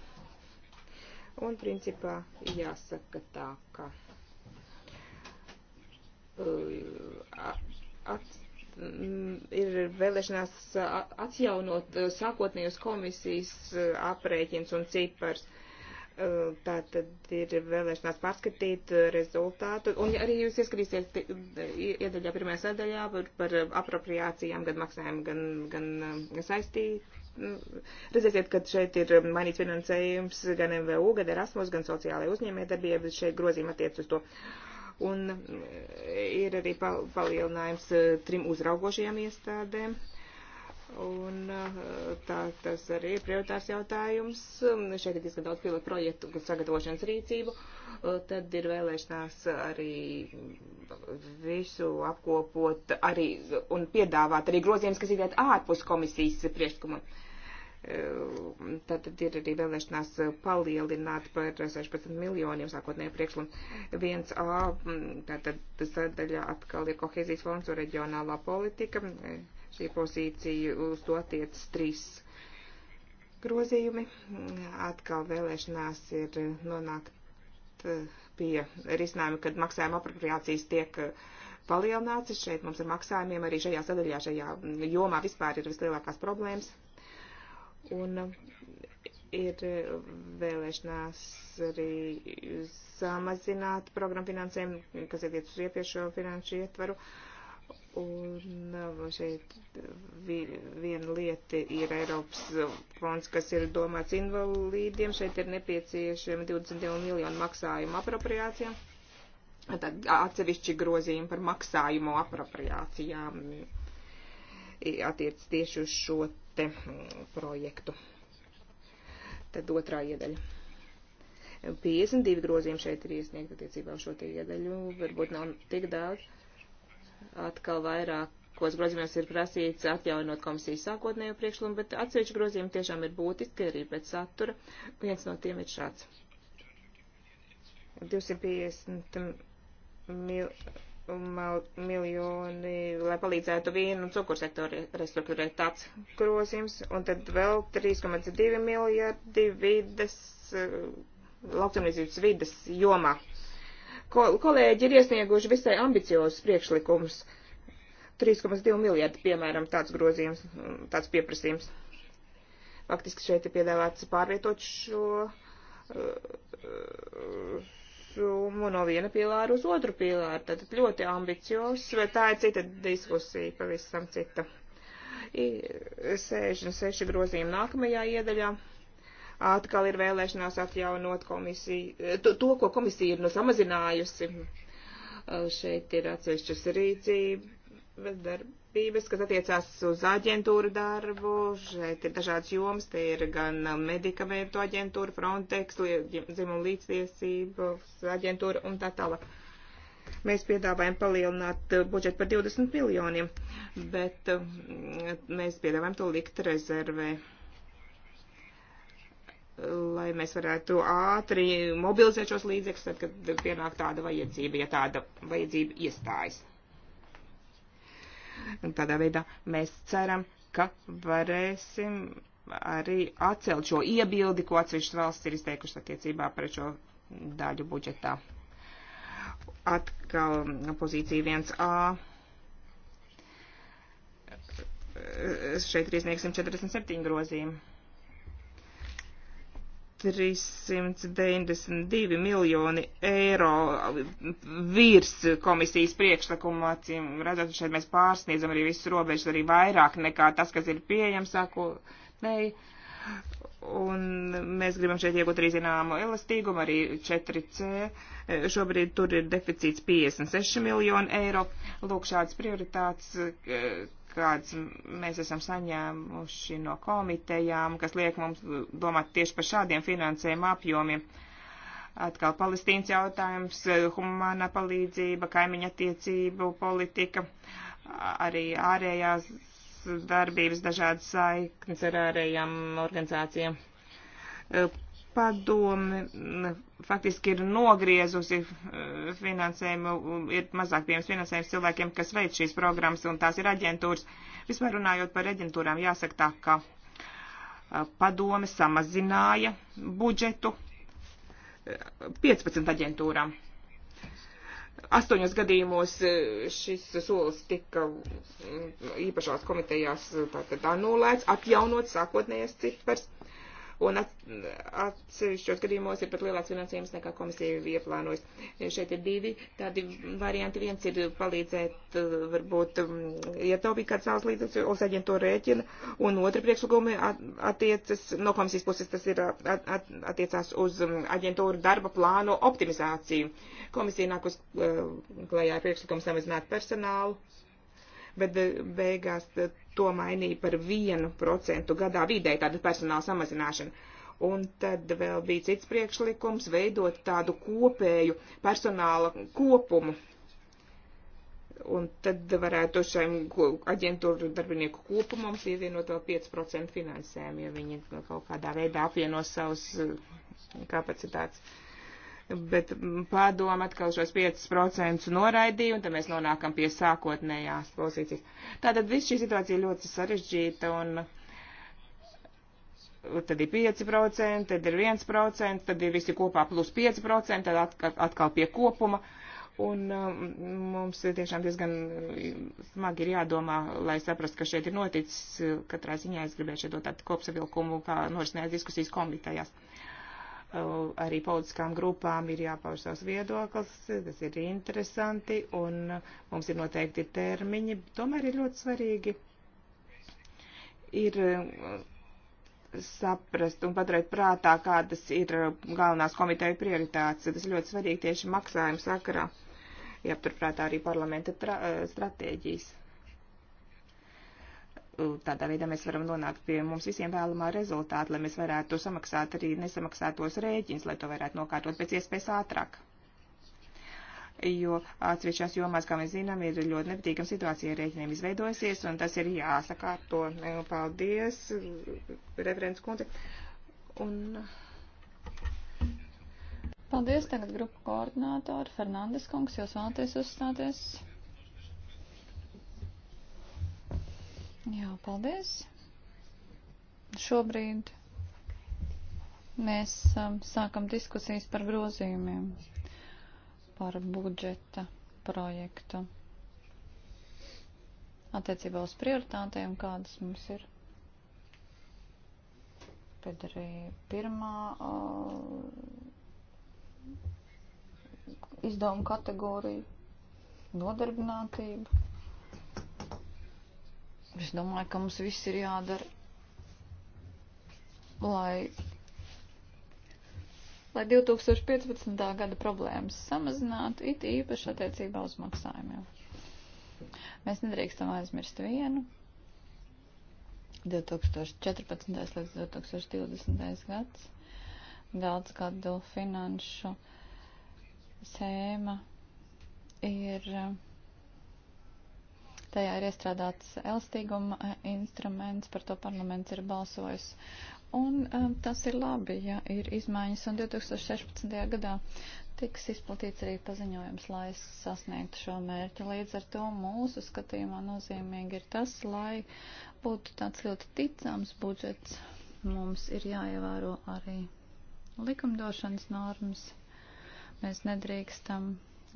Un principā jāsaka tā, ka at, mm, ir vēlēšanās atjaunot sākotnējos komisijas aprēķins un cipars. Uh, Eh, tā tad ir vēlēšanās pārskatīt eh, rezultātu. Un arī jūs ieskatīsiet iedaļā pirmajā sadaļā par, par apropriācijām, gan maksājumu, gan, gan eh, saistību. Redzēsiet, ka šeit ir mainīts finansējums gan MVU, gan Erasmus, gan sociālajai uzņēmējdarbībai. Šeit grozījuma attiec uz to. Un ir arī palielinājums trim uzraugošajām iestādēm Un eh, tā tas arī ir prioritārs jautājums. Šeit ir diezgan daudz pilotu projektu sagatavošanas rīcību. Eh, tad ir vēlēšanās arī visu apkopot arī un piedāvāt arī grozījumus, kas ir ārpus komisijas priekšlikuma. Eh, tad ir arī vēlēšanās palielināt par 16 miljoniem sākotnēju priekšlikumu 1A. Mm, tātad sadaļā atkal ir kohēzijas fonds un reģionālā politika šī pozīcija, uz to attiecas trīs grozījumi. Atkal vēlēšanās ir nonākt eh, pie risinājuma, kad maksājuma apropriācijas tiek eh, palielināts. Šeit mums ar maksājumiem arī šajā sadaļā, šajā jomā vispār ir vislielākās problēmas. Un eh, ir vēlēšanās arī samazināt programmu finansējumu, kas attiec uz iepriekšējo finanšu ietvaru. Uh, Un uh, šeit viena lieta ir Eiropas fonds, kas ir domāts invalīdiem. Šeit ir nepieciešami 22 miljonu maksājumu apropriācijā. Tad atsevišķi grozījumi par maksājumu apropriācijām attiec tieši uz šo te mm, projektu. Tad otrā iedaļa. 52 grozījumi šeit ir iesniegti attiecībā uz šo te iedaļu. Varbūt nav tik daudz. Uh, atkal vairākos grozījumos ir prasīts atjaunot komisijas sākotnējo priekšlikumu, bet atsevišķi grozījumi tiešām ir būtiski arī pēc satura. Viens no tiem ir šāds. 250 mil, mal, miljoni, lai palīdzētu vīnu un cukuru sektoru restruktūrēt tāds grozījums, un tad vēl 3,2 miljardi vides, eh, lauksamniecības vides jomā. Kol kolēģi ir iesnieguši visai ambiciozus priekšlikumus. 3,2 miljardi, piemēram, tāds grozījums, tāds pieprasījums. Faktiski šeit ir piedāvāts pārvietot šo uh, summu no viena pilāra uz otru pilāru. Tātad ļoti ambiciozs, bet tā ir cita diskusija, pavisam cita. I, 66 grozījumi nākamajā iedaļā atkal ir vēlēšanās atjaunot komisiju, eh, to, to ko komisija ir nu samazinājusi. Eh, šeit ir atsevišķas rīcības darbības, kas attiecās uz aģentūru darbu. Šeit ir dažādas jomas, te ir gan eh, medikamentu aģentūra, Frontex, dzimumu līdztiesības aģentūra un tā tālāk. Mēs piedāvājam palielināt budžetu par 20 miljoniem, bet mēs piedāvājam to likt rezervē lai mēs varētu ātri mobilizēt šos līdzekļus, tad, kad pienāk tāda vajadzība, ja tāda vajadzība iestājas. Un tādā veidā mēs ceram, ka varēsim arī atcelt šo iebildi, ko atsevišķas valsts ir izteikušas attiecībā pret šo daļu budžetā. Atkal pozīcija 1A. Šeit ir iesniegsim 47 grozījumu 392 miljoni eiro virs komisijas priekšlikuma, acīm redzot, šeit mēs pārsniedzam arī visus robežas, arī vairāk nekā tas, kas ir pieejams sākotnēji. Un mēs gribam šeit iegūt arī zināmu elastīgumu, arī 4C. Šobrīd tur ir deficīts 56 miljoni eiro. Lūk, šāds prioritāts, kādas mēs esam saņēmuši no komitejām, kas liek mums domāt tieši par šādiem finansējuma apjomiem. Atkal Palestīnas jautājums, humanā palīdzība, kaimiņa attiecību politika, arī ārējās darbības dažādas saiknes ar ārējām organizācijām. Padomi faktiski ir nogriezusi eh, finansējumu, ir mazāk pieejams finansējums cilvēkiem, kas veic šīs programmas, un tās ir aģentūras. Vispār runājot par aģentūrām, jāsaka tā, ka eh, padome samazināja budžetu 15 eh, aģentūrām. Astoņos gadījumos šis solis tika mm, īpašās komitejās tātad anulēts, atjaunot sākotnējās cipars. Uh, un atsevišķos gadījumos ir pat lielāks finansējums nekā komisija ieplānojas. Šeit ir divi tādi varianti. Viens ir palīdzēt, eh, varbūt, mm, ietaupīt kādas savas līdzekļus uz aģentūra rēķina, un otra priekšlikumi attiecas, no komisijas puses tas ir at, at, attiecās uz mm, aģentūru darba plānu optimizāciju. Komisija nāk uz eh, klajā ar priekšlikumu samazināt personālu bet eh, beigās eh, to mainīja par vienu procentu gadā vidēji, tāda personāla samazināšana. Un tad vēl bija cits priekšlikums veidot tādu kopēju personāla kopumu. Un tad varētu šiem aģentūru darbinieku kopumam pievienot vēl 5% finansējumu, ja viņi kaut kādā veidā apvienos savus eh, kapacitātes. Uh, bet padoma atkal šos 5% noraidīja, un tad mēs nonākam pie sākotnējās pozīcijas. Tātad viss šī situācija ļoti sarežģīta, un tad ir 5%, tad ir 1%, tad ir visi kopā plus 5%, tad atkal, atkal pie kopuma. Un um, mums tiešām diezgan smagi ir jādomā, lai saprastu, ka šeit ir noticis. Katrā ziņā es gribēju šeit dot tādu kopsavilkumu, kā norisinājās diskusijas komitejās. Uh, arī politiskām grupām ir jāpauž savs viedoklis, tas ir interesanti un mums ir noteikti termiņi. Tomēr ir ļoti svarīgi ir uh, saprast un paturēt prātā, kādas ir uh, galvenās komiteja prioritātes. Tas ir ļoti svarīgi tieši maksājumu sakarā, jāpaturprātā arī parlamenta uh, stratēģijas. Tādā veidā mēs varam nonākt pie mums visiem vēlamā rezultāta, lai mēs varētu samaksāt arī nesamaksātos rēķins, lai to varētu nokārtot pēc iespējas ātrāk. Jo atsevišķās jomās, kā mēs zinām, ir ļoti nepatīkama situācija ar rēķiniem izveidojusies, un tas ir jāsakārto. Nu, paldies, referents kundze. Un... Paldies, tagad grupu koordinātori Fernandes kungs, jūs vēlaties uzstāties. Jā, paldies. Šobrīd mēs um, sākam diskusijas par grozījumiem, par budžeta projektu, attiecībā uz prioritātēm, kādas mums ir. Pēc arī pirmā uh, izdevuma kategorija - nodarbinātība. Es domāju, ka mums viss ir jādara, lai, lai 2015. gada problēmas samazinātu, it īpaši attiecībā uz maksājumiem. Mēs nedrīkstam aizmirst vienu. 2014. līdz 2020. gads daudz gadu finanšu sēma ir. Uh, Tajā ir iestrādāts elastīguma eh, instruments, par to parlaments ir balsojis. Un um, tas ir labi, ja ir izmaiņas. Un 2016. gadā tiks izplatīts arī paziņojums, lai sasniegtu šo mērķi. Līdz ar to mūsu skatījumā nozīmīgi ir tas, lai būtu tāds ļoti ticams budžets. Mums ir jāievēro arī likumdošanas normas. Mēs nedrīkstam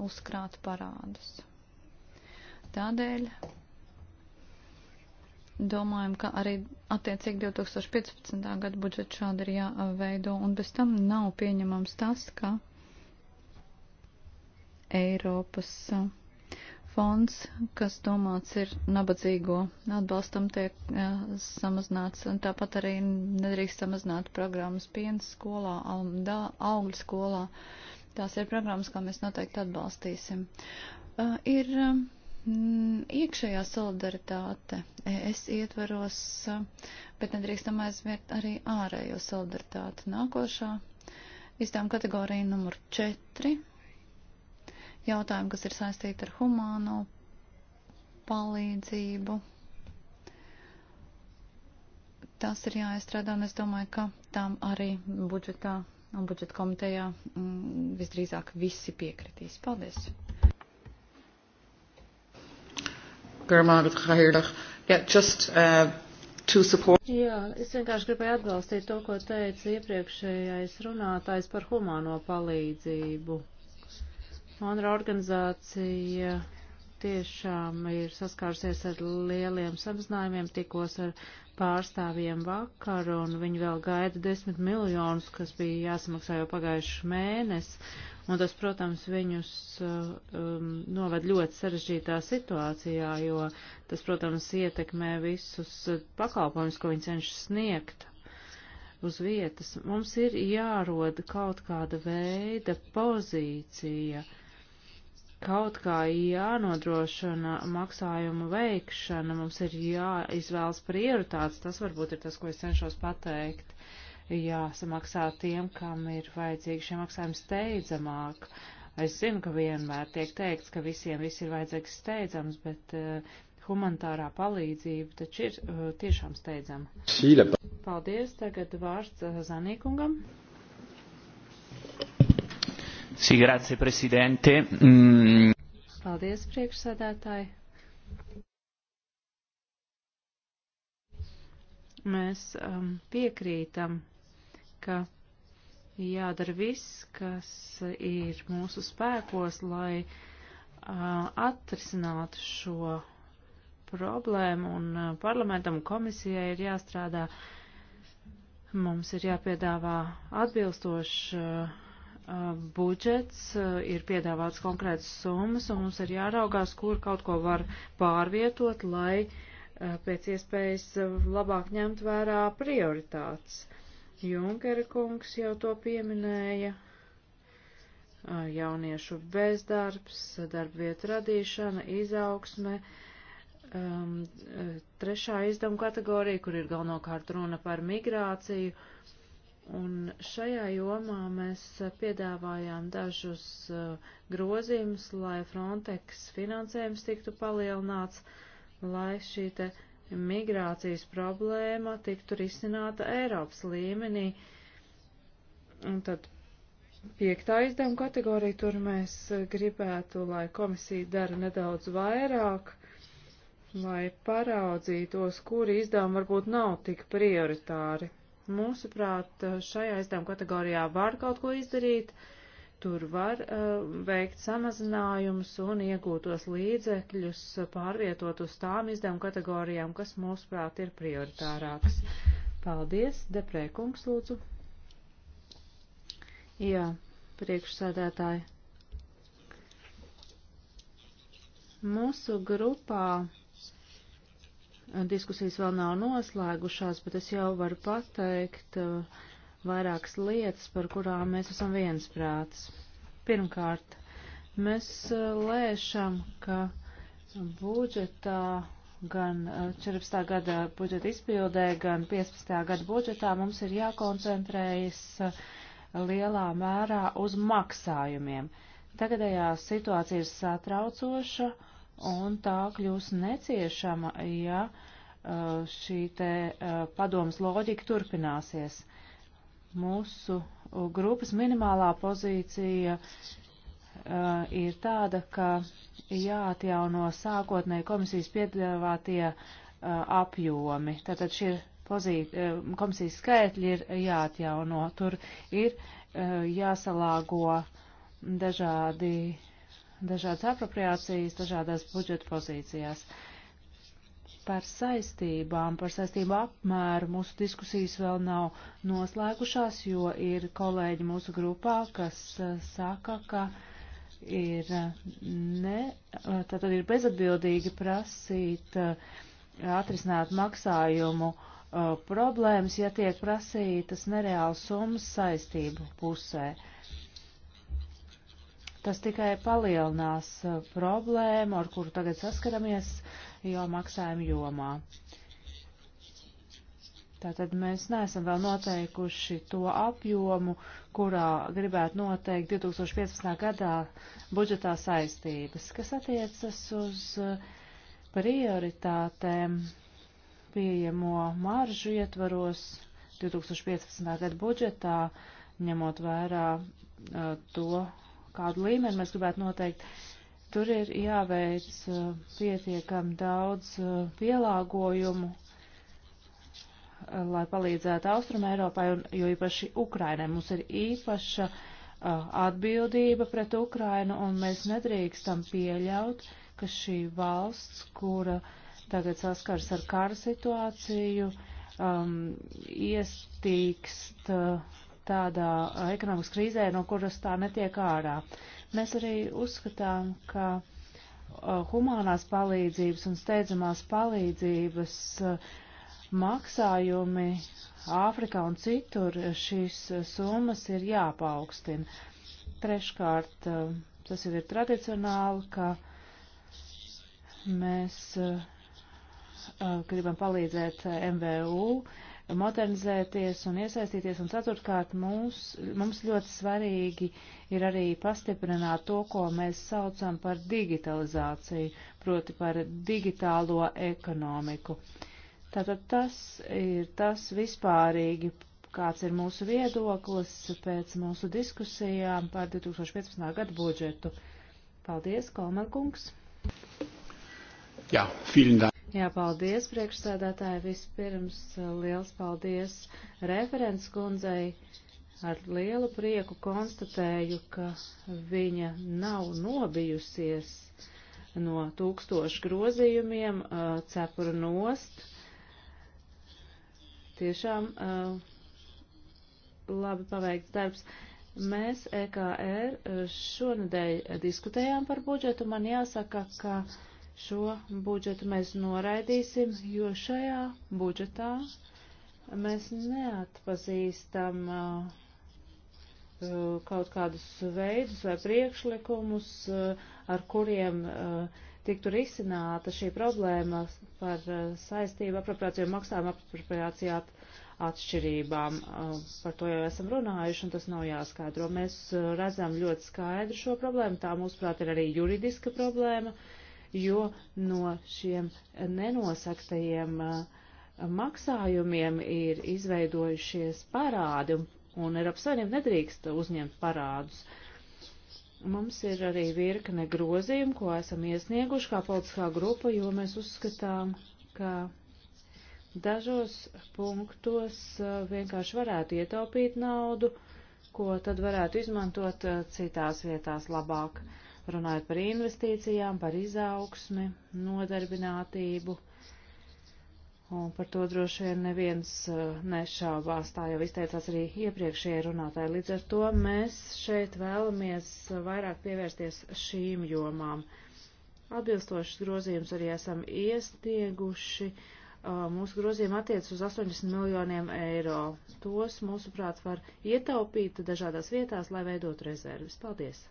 uzkrāt parādus. Tādēļ domājam, ka arī attiecīgi 2015. gada budžets šādi ir jāveido, un bez tam nav pieņemams tas, ka Eiropas uh, fonds, kas domāts ir nabadzīgo atbalstam, tiek uh, samazināts, un tāpat arī nedrīkst samazināt programmas piens skolā, augļu skolā. Tās ir programmas, kā mēs noteikti atbalstīsim. Uh, ir uh, Mm, iekšējā solidaritāte es ietveros, bet nedrīkstam aizmirt arī ārējo solidaritāti. Nākošā izdevuma kategorija numur 4. Jautājumi, kas ir saistīti ar humāno palīdzību. Tas ir jāiestrādā, un es domāju, ka tam arī budžetā un budžeta komitejā mm, visdrīzāk visi piekritīs. Paldies! Garmāgat Hairdah. Yeah, just, uh, Jā, es vienkārši gribēju atbalstīt to, ko teica iepriekšējais runātājs par humāno palīdzību. Monra organizācija tiešām ir saskārusies ar lieliem samazinājumiem, tikos ar pārstāvjiem vakar, un viņi vēl gaida desmit miljonus, kas bija jāsamaksā jau pagājuši mēnesi, Un tas, protams, viņus uh, um, noved ļoti sarežģītā situācijā, jo tas, protams, ietekmē visus uh, pakalpojumus, ko viņi cenšas sniegt uz vietas. Mums ir jāroda kaut kāda veida pozīcija, kaut kā jānodrošina maksājumu veikšana, mums ir jāizvēlas prioritātes, tas varbūt ir tas, ko es cenšos pateikt. Uh, jāsamaksā tiem, kam ir vajadzīgi šie maksājumi steidzamāk. Es zinu, ka vienmēr tiek teikts, ka visiem viss ir vajadzīgs steidzams, bet uh, humanitārā palīdzība taču ir uh, tiešām steidzama. Šīla. Paldies, tagad vārds uh, Zanīkungam. Sī, sí, grazie, prezidente. Mm. Paldies, priekšsēdētāji. Mēs um, piekrītam ka jādara viss, kas ir mūsu spēkos, lai uh, atrisinātu šo problēmu, un uh, parlamentam un komisijai ir jāstrādā. Mums ir jāpiedāvā atbilstošs uh, budžets, ir piedāvāts konkrētas summas, un mums ir jāraugās, kur kaut ko var pārvietot, lai pēc iespējas labāk ņemt vērā prioritātes. Uh, Junkera kungs jau to pieminēja. Jauniešu bezdarbs, darbvietu radīšana, izaugsme, um, trešā izdevuma kategorija, kur ir galvenokārt runa par migrāciju. Un šajā jomā mēs piedāvājām dažus uh, grozījumus, lai Frontex finansējums tiktu palielināts, lai šī te uh, migrācijas problēma tiktu risināta Eiropas līmenī. Un tad piektā izdevuma kategorija, tur mēs gribētu, lai komisija dara nedaudz vairāk, lai paraudzītos, kuri izdevumi varbūt nav tik prioritāri. Mūsuprāt, šajā izdevuma kategorijā var kaut ko izdarīt. Uh, Tur var uh, veikt samazinājumus un iegūtos līdzekļus uh, pārvietot uz tām izdevumu kategorijām, kas mūsuprāt ir prioritārākas. Paldies, deprēkungs lūdzu. Jā, priekšsēdētāji. Mūsu grupā diskusijas vēl nav noslēgušās, bet es jau varu pateikt, uh, vairākas lietas, par kurām mēs esam viensprātis. Pirmkārt, mēs uh, lēšam, ka budžetā gan 14. Uh, gada budžeta izpildē, gan 15. gada budžetā mums ir jākoncentrējas uh, lielā mērā uz maksājumiem. Tagadējā situācija ir satraucoša un tā kļūs neciešama, ja šī te padomas loģika turpināsies. Uh, mūsu uh, grupas minimālā pozīcija uh, ir tāda, ka jāatjauno sākotnēji komisijas piedāvātie uh, apjomi. Tātad šie pozīt, uh, komisijas skaitļi ir jāatjauno. Tur ir uh, jāsalāgo dažādi, dažādas apropriācijas, dažādās budžeta pozīcijās. Uh, par saistībām, par saistību apmēru. Mūsu diskusijas vēl nav noslēgušās, jo ir kolēģi mūsu grupā, kas eh, saka, ka ir, eh, ne, tātad eh, ir bezatbildīgi prasīt atrisināt maksājumu problēmas, ja tiek prasītas nereāls summas saistību pusē. Tas tikai palielinās problēmu, ar kuru tagad saskaramies. Uh, jau maksājumu jomā. Tātad mēs neesam vēl noteikuši to apjomu, kurā gribētu noteikt 2015. gadā budžetā saistības, kas attiecas uz uh, prioritātēm pieejamo maržu ietvaros 2015. gada budžetā, ņemot vērā uh, to, kādu līmeni mēs gribētu noteikt. Tur ir jāveic uh, pietiekam daudz uh, pielāgojumu, uh, lai palīdzētu Austrum Eiropai, un, jo īpaši Ukrainai. Mums ir īpaša atbildība pret Ukrainu, un mēs nedrīkstam pieļaut, ka šī valsts, kura tagad saskars ar kara situāciju, um, iestīkst tādā ekonomikas krīzē, no kuras tā netiek ārā. Uh, Mēs arī uzskatām, ka humānās palīdzības un steidzamās palīdzības maksājumi Āfrikā un citur šīs summas ir jāpaukstina. Treškārt, tas jau ir tradicionāli, ka mēs gribam palīdzēt MVU, modernizēties un iesaistīties. Un ceturtkārt, mums, mums ļoti svarīgi ir arī pastiprināt to, ko mēs saucam par digitalizāciju, proti par digitālo ekonomiku. Tātad tas ir tas vispārīgi, kāds ir mūsu viedoklis pēc mūsu diskusijām par 2015. gadu budžetu. Paldies, Kalmankungs! Jā, vielen Dank. Jā, paldies, priekšsēdētāji. Vispirms uh, liels paldies referents kundzei. Ar lielu prieku konstatēju, ka viņa nav nobijusies no tūkstošu grozījumiem uh, cepuru nost. Tiešām uh, labi paveikts darbs. Mēs EKR šonadēļ diskutējām par budžetu. Man jāsaka, ka Šo budžetu mēs noraidīsim, jo šajā budžetā mēs neatpazīstam uh, uh, kaut kādus veidus vai priekšlikumus, uh, ar kuriem uh, tiktu risināta šī problēma par uh, saistību apropriāciju maksājumu apropriācijā atšķirībām. Uh, par to jau esam runājuši, un tas nav jāskaidro. Mēs redzam ļoti skaidru šo problēmu. Tā, mūsuprāt, ir arī juridiska problēma. Uh, jo no šiem nenosaktajiem eh, maksājumiem ir izveidojušies parādi, un Eiropas Savienība nedrīkst uzņemt parādus. Mums ir arī virkne grozījumu, ko esam iesnieguši kā politiskā grupa, jo mēs uzskatām, ka dažos punktos eh, vienkārši varētu ietaupīt naudu, ko tad varētu izmantot eh, citās vietās labāk. Uh, runājot par investīcijām, par izaugsmi, nodarbinātību. Un par to droši vien neviens eh, nešābās, tā jau izteicās arī iepriekšējie runātāji. Līdz ar to mēs šeit vēlamies vairāk pievērsties šīm jomām. Atbilstošas grozījums arī esam iestieguši. Eh, mūsu grozījuma attiec uz 80 miljoniem eiro. Tos, mūsuprāt, var ietaupīt dažādās vietās, lai veidot rezervis. Paldies!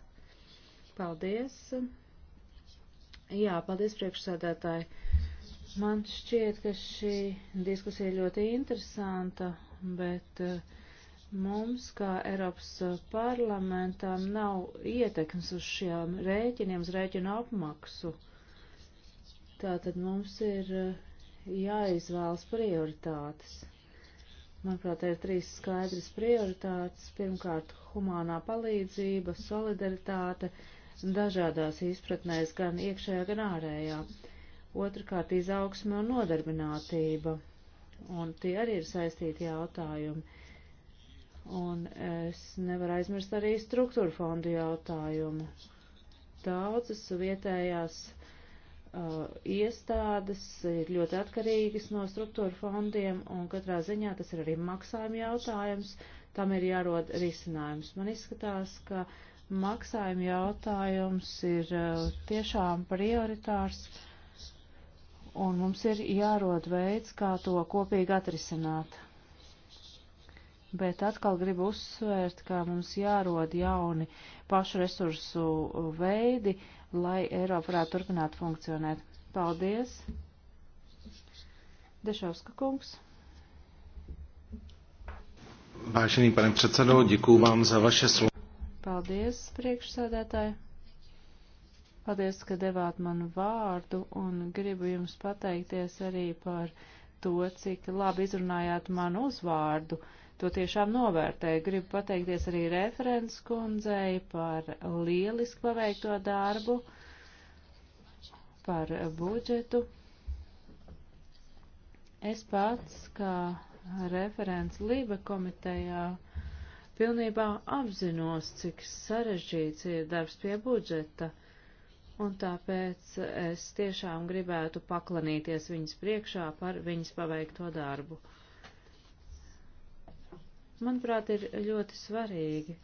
Paldies. Jā, paldies priekšsēdētāji. Man šķiet, ka šī diskusija ļoti interesanta, bet eh, mums, kā Eiropas parlamentām, nav ietekmes uz šiem rēķiniem, uz rēķinu apmaksu. Tātad mums ir eh, jāizvēlas prioritātes. Manuprāt, ir trīs skaidras prioritātes. Pirmkārt, humānā palīdzība, solidaritāte. Uh, dažādās izpratnēs, gan iekšējā, gan ārējā. Otrakārt, izaugsme un nodarbinātība. Un tie arī ir saistīti jautājumi. Un es nevaru aizmirst arī struktūra fondu jautājumu. Daudzas vietējās uh, iestādes ir ļoti atkarīgas no struktūra fondiem, un katrā ziņā tas ir arī maksājuma jautājums. Tam ir jārod risinājums. Man izskatās, ka maksājuma jautājums ir eh, tiešām prioritārs, un mums ir jārod veids, kā to kopīgi atrisināt. Bet atkal gribu uzsvērt, ka mums jārod jauni pašu resursu veidi, lai Eiropa varētu turpināt funkcionēt. Paldies! Dešovska kungs. Vážený pane předsedo, děkuji vám za vaše slova. Paldies, priekšsēdētāji. Paldies, ka devāt man vārdu un gribu jums pateikties arī par to, cik labi izrunājāt manu uzvārdu. To tiešām novērtēju. Gribu pateikties arī referents kundzei par lieliski paveikto darbu, par budžetu. Es pats, kā referents Lība komitejā, pilnībā apzinos, cik sarežģīts ir darbs pie budžeta, un tāpēc es tiešām gribētu paklanīties viņas priekšā par viņas paveikto darbu. Manuprāt, ir ļoti svarīgi,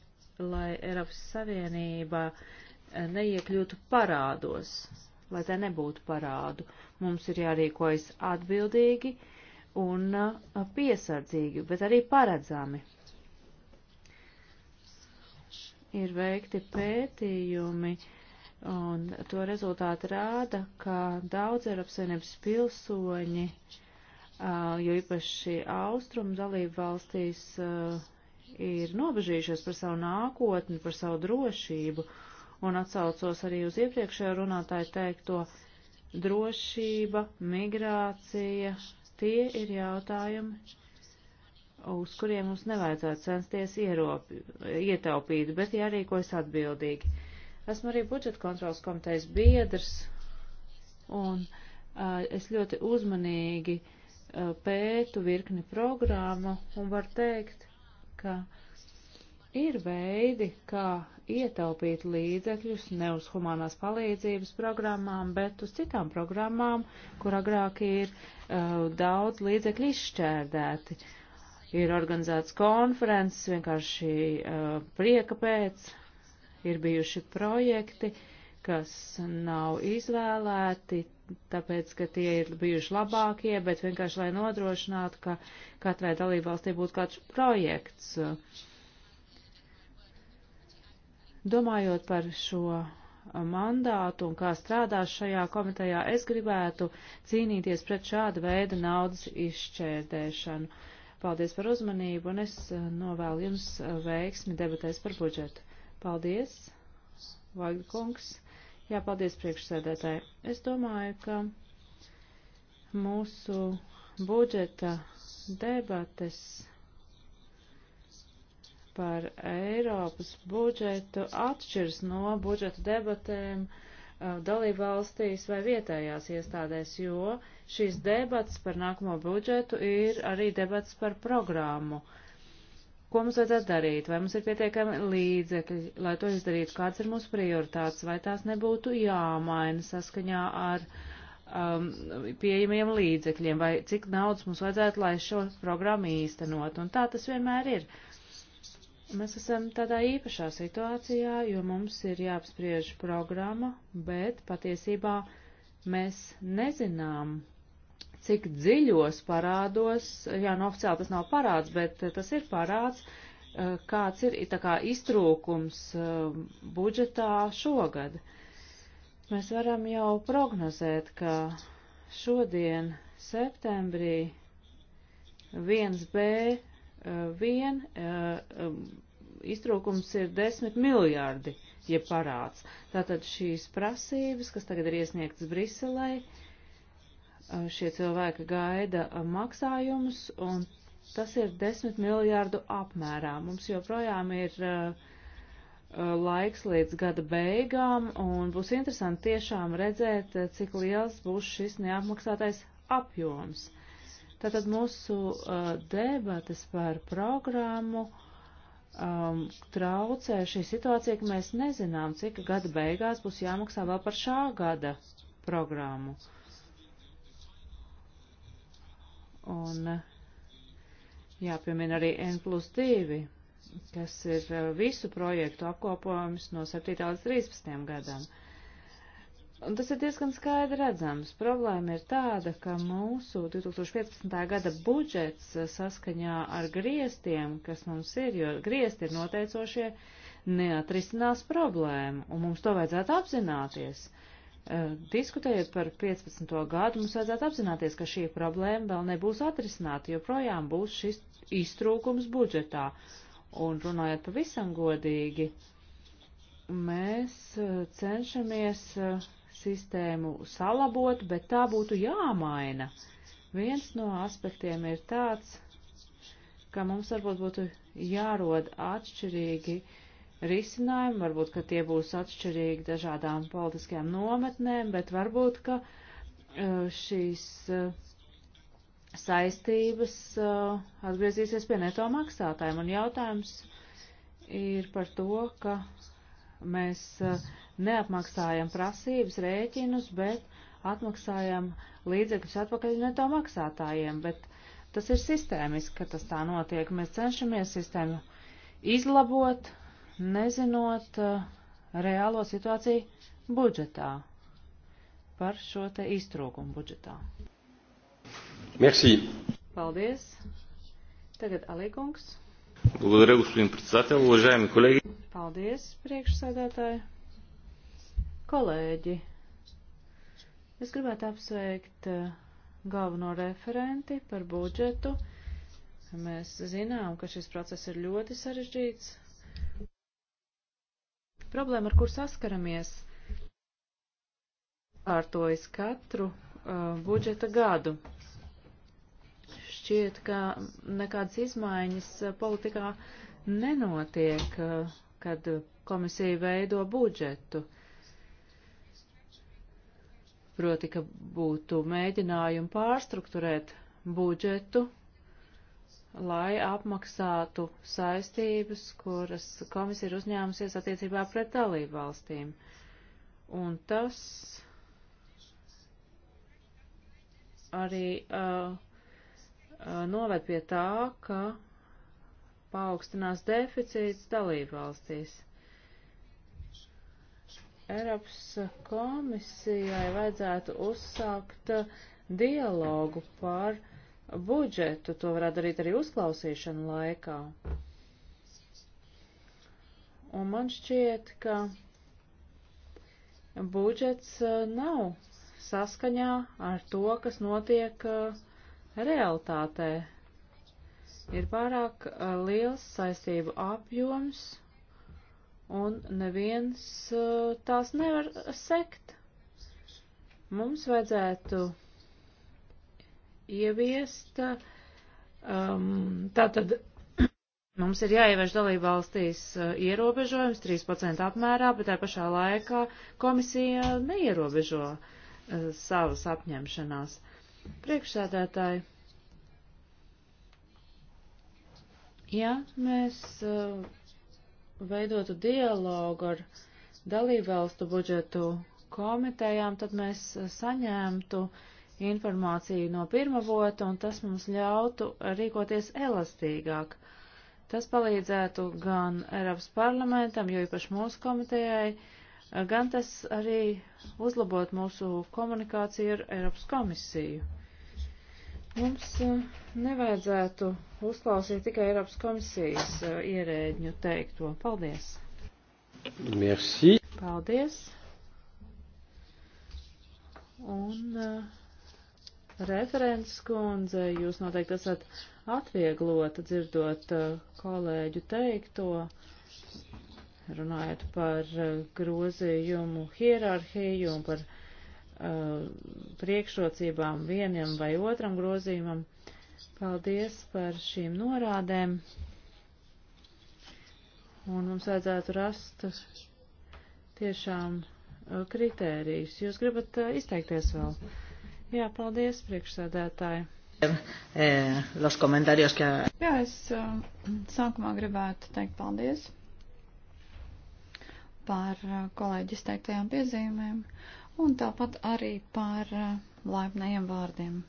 lai Eiropas Savienība eh, neiekļūtu parādos, lai tā nebūtu parādu. Mums ir jārīkojas atbildīgi un eh, piesardzīgi, bet arī paredzami ir veikti pētījumi, un to rezultāti rāda, ka daudz Eiropas Savienības pilsoņi, jo īpaši austrumu dalību valstīs, ir nobežījušies par savu nākotni, par savu drošību, un atsaucos arī uz iepriekšējo runātāju teikto drošība, migrācija, tie ir jautājumi, uz kuriem mums nevajadzētu censties ieropi, ietaupīt, bet jārīkojas atbildīgi. Esmu arī budžeta kontrolas komitejas biedrs, un uh, es ļoti uzmanīgi uh, pētu virkni programmu un var teikt, ka ir veidi, kā ietaupīt līdzekļus ne uz humanās palīdzības programmām, bet uz citām programmām, kur agrāk ir uh, daudz līdzekļu izšķērdēti. Uh, ir organizēts konferences vienkārši uh, prieka pēc, ir bijuši projekti, kas nav izvēlēti, tāpēc, ka tie ir bijuši labākie, bet vienkārši lai nodrošinātu, ka katrai dalībvalstī būtu kāds projekts. Domājot par šo mandātu un kā strādās šajā komitejā, es gribētu cīnīties pret šādu veidu naudas izšķērdēšanu. Uh, Paldies par uzmanību un es eh, novēlu jums eh, veiksmi debatēs par budžetu. Paldies, Vaigda kungs. Jā, paldies priekšsēdētāji. Es domāju, ka mūsu budžeta debates par Eiropas budžetu atšķirs no budžeta debatēm uh, Uh, dalībvalstīs vai vietējās iestādēs, jo šīs debats par nākamo budžetu ir arī debats par programmu. Ko mums vajadzētu darīt? Vai mums ir pietiekami līdzekļi, lai to izdarītu? Kāds ir mūsu prioritātes? Vai tās nebūtu jāmaina saskaņā ar um, pieejamiem līdzekļiem? Vai cik naudas mums vajadzētu, lai šo programmu īstenot? Un tā tas vienmēr ir. Uh, Mēs esam tādā īpašā situācijā, jo mums ir jāapspriež programma, bet patiesībā mēs nezinām, cik dziļos parādos, jā, nu no oficiāli tas nav parāds, bet tas ir parāds, eh, kāds ir tā kā iztrūkums eh, budžetā šogad. Mēs varam jau prognozēt, ka šodien, septembrī, 1B eh, vien iztrūkums ir 10 miljārdi, ja parāds. Tātad šīs prasības, kas tagad ir iesniegtas Briselē, šie cilvēki gaida maksājumus, un tas ir 10 miljārdu apmērā. Mums joprojām ir uh, laiks līdz gada beigām, un būs interesanti tiešām redzēt, cik liels būs šis neapmaksātais apjoms. Tātad mūsu uh, debates par programmu um, traucē šī situācija, ka mēs nezinām, cik gada beigās būs jāmaksā vēl par šā gada programmu. Un uh, jāpiemina arī N plus 2, kas ir uh, visu projektu apkopojums no 7. līdz 13. gadam. Uh, Un tas ir diezgan skaidri redzams. Problēma ir tāda, ka mūsu 2015. gada budžets eh, saskaņā ar griestiem, kas mums ir, jo griesti ir noteicošie, neatrisinās problēmu, un mums to vajadzētu apzināties. Uh, diskutējot par 15. gadu, mums vajadzētu apzināties, ka šī problēma vēl nebūs atrisināta, jo projām būs šis iztrūkums budžetā. Un runājot pavisam godīgi, mēs eh, cenšamies uh, sistēmu salabot, bet tā būtu jāmaina. Viens no aspektiem ir tāds, ka mums varbūt būtu jārod atšķirīgi risinājumi, varbūt, ka tie būs atšķirīgi dažādām politiskajām nometnēm, bet varbūt, ka eh, šīs eh, saistības eh, atgriezīsies pie neto maksātājiem. Un jautājums ir par to, ka mēs. Uh, neapmaksājam prasības rēķinus, bet atmaksājam līdzekļus atpakaļ neto maksātājiem, bet tas ir sistēmiski, ka tas tā notiek. Mēs cenšamies sistēmu izlabot, nezinot uh, reālo situāciju budžetā par šo te iztrūkumu budžetā. Merci. Paldies. Tagad Alīkungs. Благодаря, господин председател. Уважаеми колеги. Paldies, priekšsēdētāji. Kolēģi, es gribētu apsveikt eh, galveno referenti par budžetu. Mēs zinām, ka šis process ir ļoti sarežģīts. Problēma, ar kur saskaramies, kārtojas katru uh, budžeta gadu. Šķiet, ka nekādas izmaiņas eh, politikā nenotiek, uh, kad komisija veido budžetu. Uh, proti, ka būtu mēģinājumi pārstruktūrēt budžetu, lai apmaksātu saistības, kuras komisija ir uzņēmusies attiecībā pret dalību valstīm. Un tas arī uh, uh noved pie tā, ka paaugstinās deficīts dalību valstīs. Eiropas komisijai vajadzētu uzsākt uh, dialogu par budžetu. To varētu darīt arī uzklausīšanu laikā. Un man šķiet, ka budžets uh, nav saskaņā ar to, kas notiek uh, realitātē. Ir pārāk liels saistību apjoms un neviens eh, tās nevar sekt. Mums vajadzētu ieviest, um, tātad *clears throat* mums ir jāievieš dalībvalstīs eh, ierobežojums 3% apmērā, bet tā pašā laikā komisija neierobežo uh, savas apņemšanās. Priekšsēdētāji. Ja mēs uh, veidotu dialogu ar dalībvalstu budžetu komitejām, tad mēs eh, saņemtu informāciju no pirmavota, un tas mums ļautu rīkoties elastīgāk. Tas palīdzētu gan Eiropas parlamentam, jo īpaši mūsu komitejai, eh, gan tas arī uzlabot mūsu komunikāciju ar Eiropas komisiju. Mums eh, nevajadzētu uzklausīt tikai Eiropas komisijas eh, ierēģņu teikto. Paldies! Merci! Paldies! Un eh, referents kundze, jūs noteikti esat atvieglota dzirdot kolēģu teikto, runājot par grozījumu hierarhiju un par Uh, priekšrocībām vienam vai otram grozījumam. Paldies par šīm norādēm. Un mums vajadzētu rast tiešām uh, kritērijus. Jūs gribat uh, izteikties vēl? Jā, paldies, priekšsēdētāji. Eh, Jā, es sākumā gribētu teikt paldies par kolēģi izteiktajām piezīmēm un tāpat arī par eh, laipnajiem vārdiem.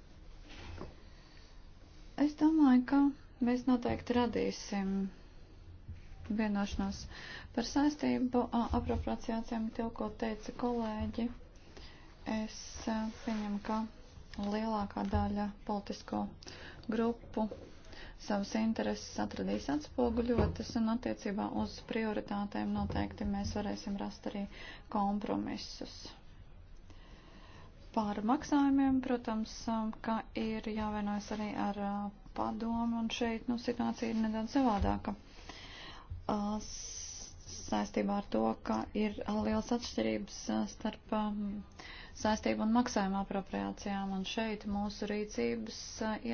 Es domāju, ka mēs noteikti radīsim vienošanos par saistību apropriācijām, tev, ko teica kolēģi. Es pieņemu, ka lielākā daļa politisko grupu savas intereses atradīs atspoguļotas un attiecībā uz prioritātēm noteikti mēs varēsim rast arī kompromisus. Par maksājumiem, protams, um, ka ir jāvienojas arī ar uh, padomu, un šeit nu, situācija ir nedaudz savādāka. Uh, saistībā ar to, ka ir liels atšķirības uh, starp um, saistību un maksājuma apropriācijām, un šeit mūsu rīcības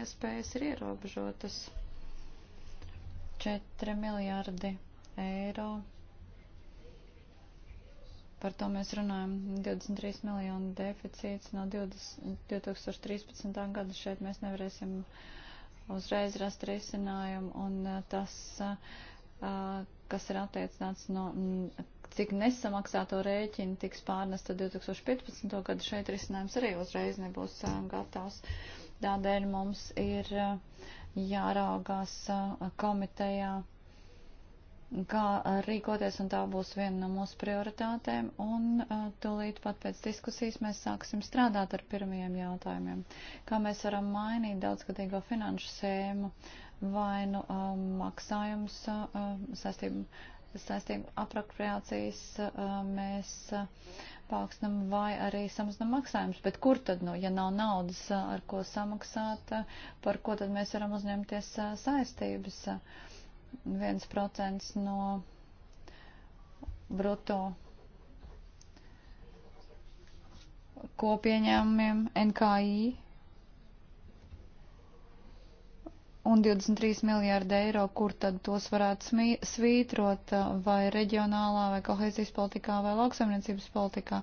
iespējas ir ierobežotas. 4 miljārdi eiro Par to mēs runājam 23 miljonu deficīts no 20, 2013. gada. Šeit mēs nevarēsim uzreiz rast risinājumu un uh, tas, uh, kas ir attiecināts no cik nesamaksāto rēķinu tiks pārnesta 2015. gadu, šeit risinājums arī uzreiz nebūs uh, gatavs. Tādēļ mums ir jāraugās komitejā kā rīkoties, un tā būs viena no mūsu prioritātēm. Un tūlīt pat pēc diskusijas mēs sāksim strādāt ar pirmajiem jautājumiem. Kā mēs varam mainīt daudzgadīgo finanšu sēmu vai nu maksājums saistību saistību apropriācijas mēs paaugstinam vai arī samazinam maksājumus. Bet kur tad, nu, ja nav naudas, ar ko samaksāt, par ko tad mēs varam uzņemties saistības? Uh, 1% no bruto kopieņēmumiem NKI un 23 miljārdi eiro, kur tad tos varētu svītrot uh, vai reģionālā vai kohēzijas politikā vai lauksaimniecības politikā.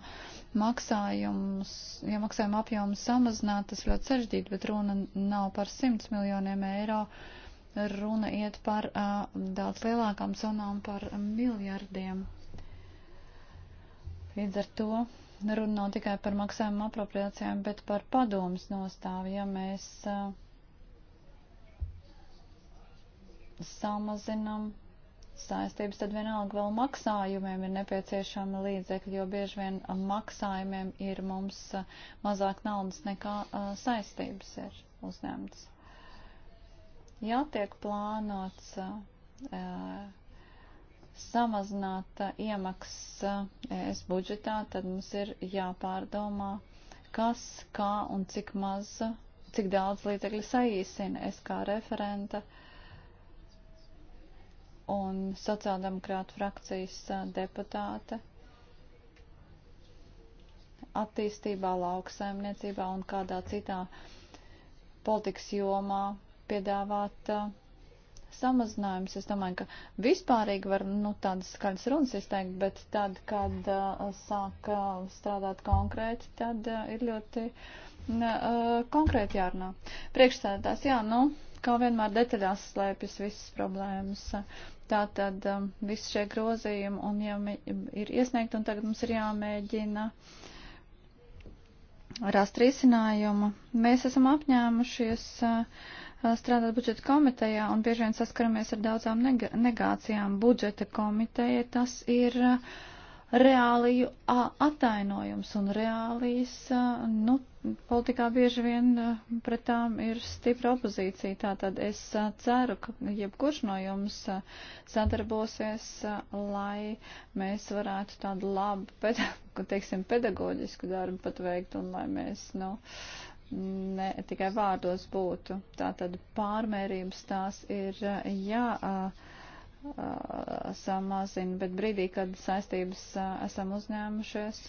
Maksājums, ja maksājuma apjomu samazināt, tas ļoti sarežģīti, bet runa nav par 100 miljoniem eiro. Uh, Runa iet par uh, daudz lielākām zonām, par miljardiem. Līdz ar to runa nav tikai par maksājumu apropriācijām, bet par padomus nostāvi. Ja mēs uh, samazinam saistības, tad vienalga vēl maksājumiem ir nepieciešama līdzekļa, jo bieži vien maksājumiem ir mums mazāk naudas nekā saistības ir uzņemtas jau tiek plānots uh, samazināt uh, iemaksas uh, ES budžetā, tad mums ir jāpārdomā, kas, kā un cik maz, cik daudz līdzekļu saīsina es kā referenta un sociāldemokrāta frakcijas uh, deputāte attīstībā, lauksaimniecībā un kādā citā politikas jomā piedāvāt uh, samazinājums. Es domāju, ka vispārīgi var nu, tādas skaļas runas izteikt, bet tad, kad uh, sāk uh, strādāt konkrēti, tad uh, ir ļoti uh, konkrēti jārunā. Priekšstādātās, jā, nu, kā vienmēr detaļās slēpjas visas problēmas. Tā tad um, visi šie grozījumi un jau ir iesniegti un tagad mums ir jāmēģina rast risinājumu. Mēs esam apņēmušies. Uh, strādāt budžeta komitejā un bieži vien saskaramies ar daudzām negācijām. Budžeta komiteja tas ir reāliju attainojums un reālijas, nu, politikā bieži vien pret tām ir stipra opozīcija. Tātad es ceru, ka jebkurš no jums sadarbosies, lai mēs varētu tādu labu, *laughs* teiksim, pedagoģisku darbu pat veikt un lai mēs, nu, uh, ne tikai vārdos būtu. Tātad pārmērības tās ir eh, jā. Eh, eh, samazina, bet brīdī, kad saistības esam uzņēmušies,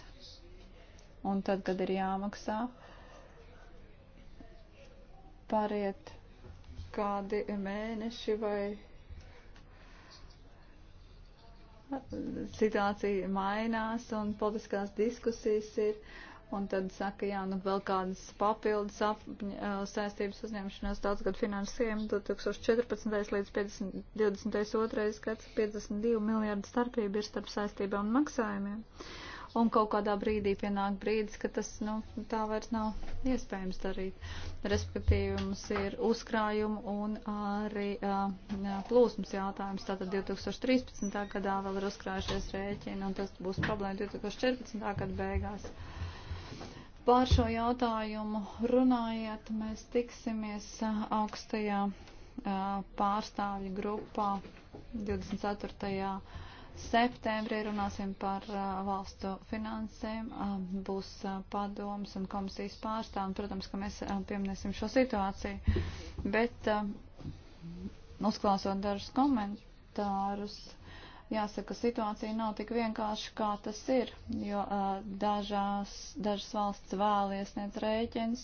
un tad, kad ir jāmaksā, pāriet kādi mēneši vai situācija mainās un politiskās diskusijas ir. Uh, un tad saka, jā, nu vēl kādas papildus apņa, saistības uzņemšanās daudz gadu finansējumu 2014. līdz 50, 22. gads 52 miljārdu starpība ir starp saistībām un maksājumiem. Un kaut kādā brīdī pienāk brīdis, ka tas, nu, tā vairs nav iespējams darīt. Respektīvi mums ir uzkrājumu un arī uh, plūsmas jautājums. Tātad 2013. gadā vēl ir uzkrājušies rēķini un tas būs problēma 2014. gada beigās. Uh, Pār šo jautājumu runājiet, mēs tiksimies eh, augstajā eh, pārstāvju grupā 24. septembrī runāsim par eh, valstu finansēm, būs padoms un komisijas pārstāvji, un, protams, ka mēs pieminēsim šo situāciju, bet uzklāsot dažus komentārus Jāsaka, situācija nav tik vienkārši, kā tas ir, jo uh, dažās, dažas valsts vēl iesniedz rēķins,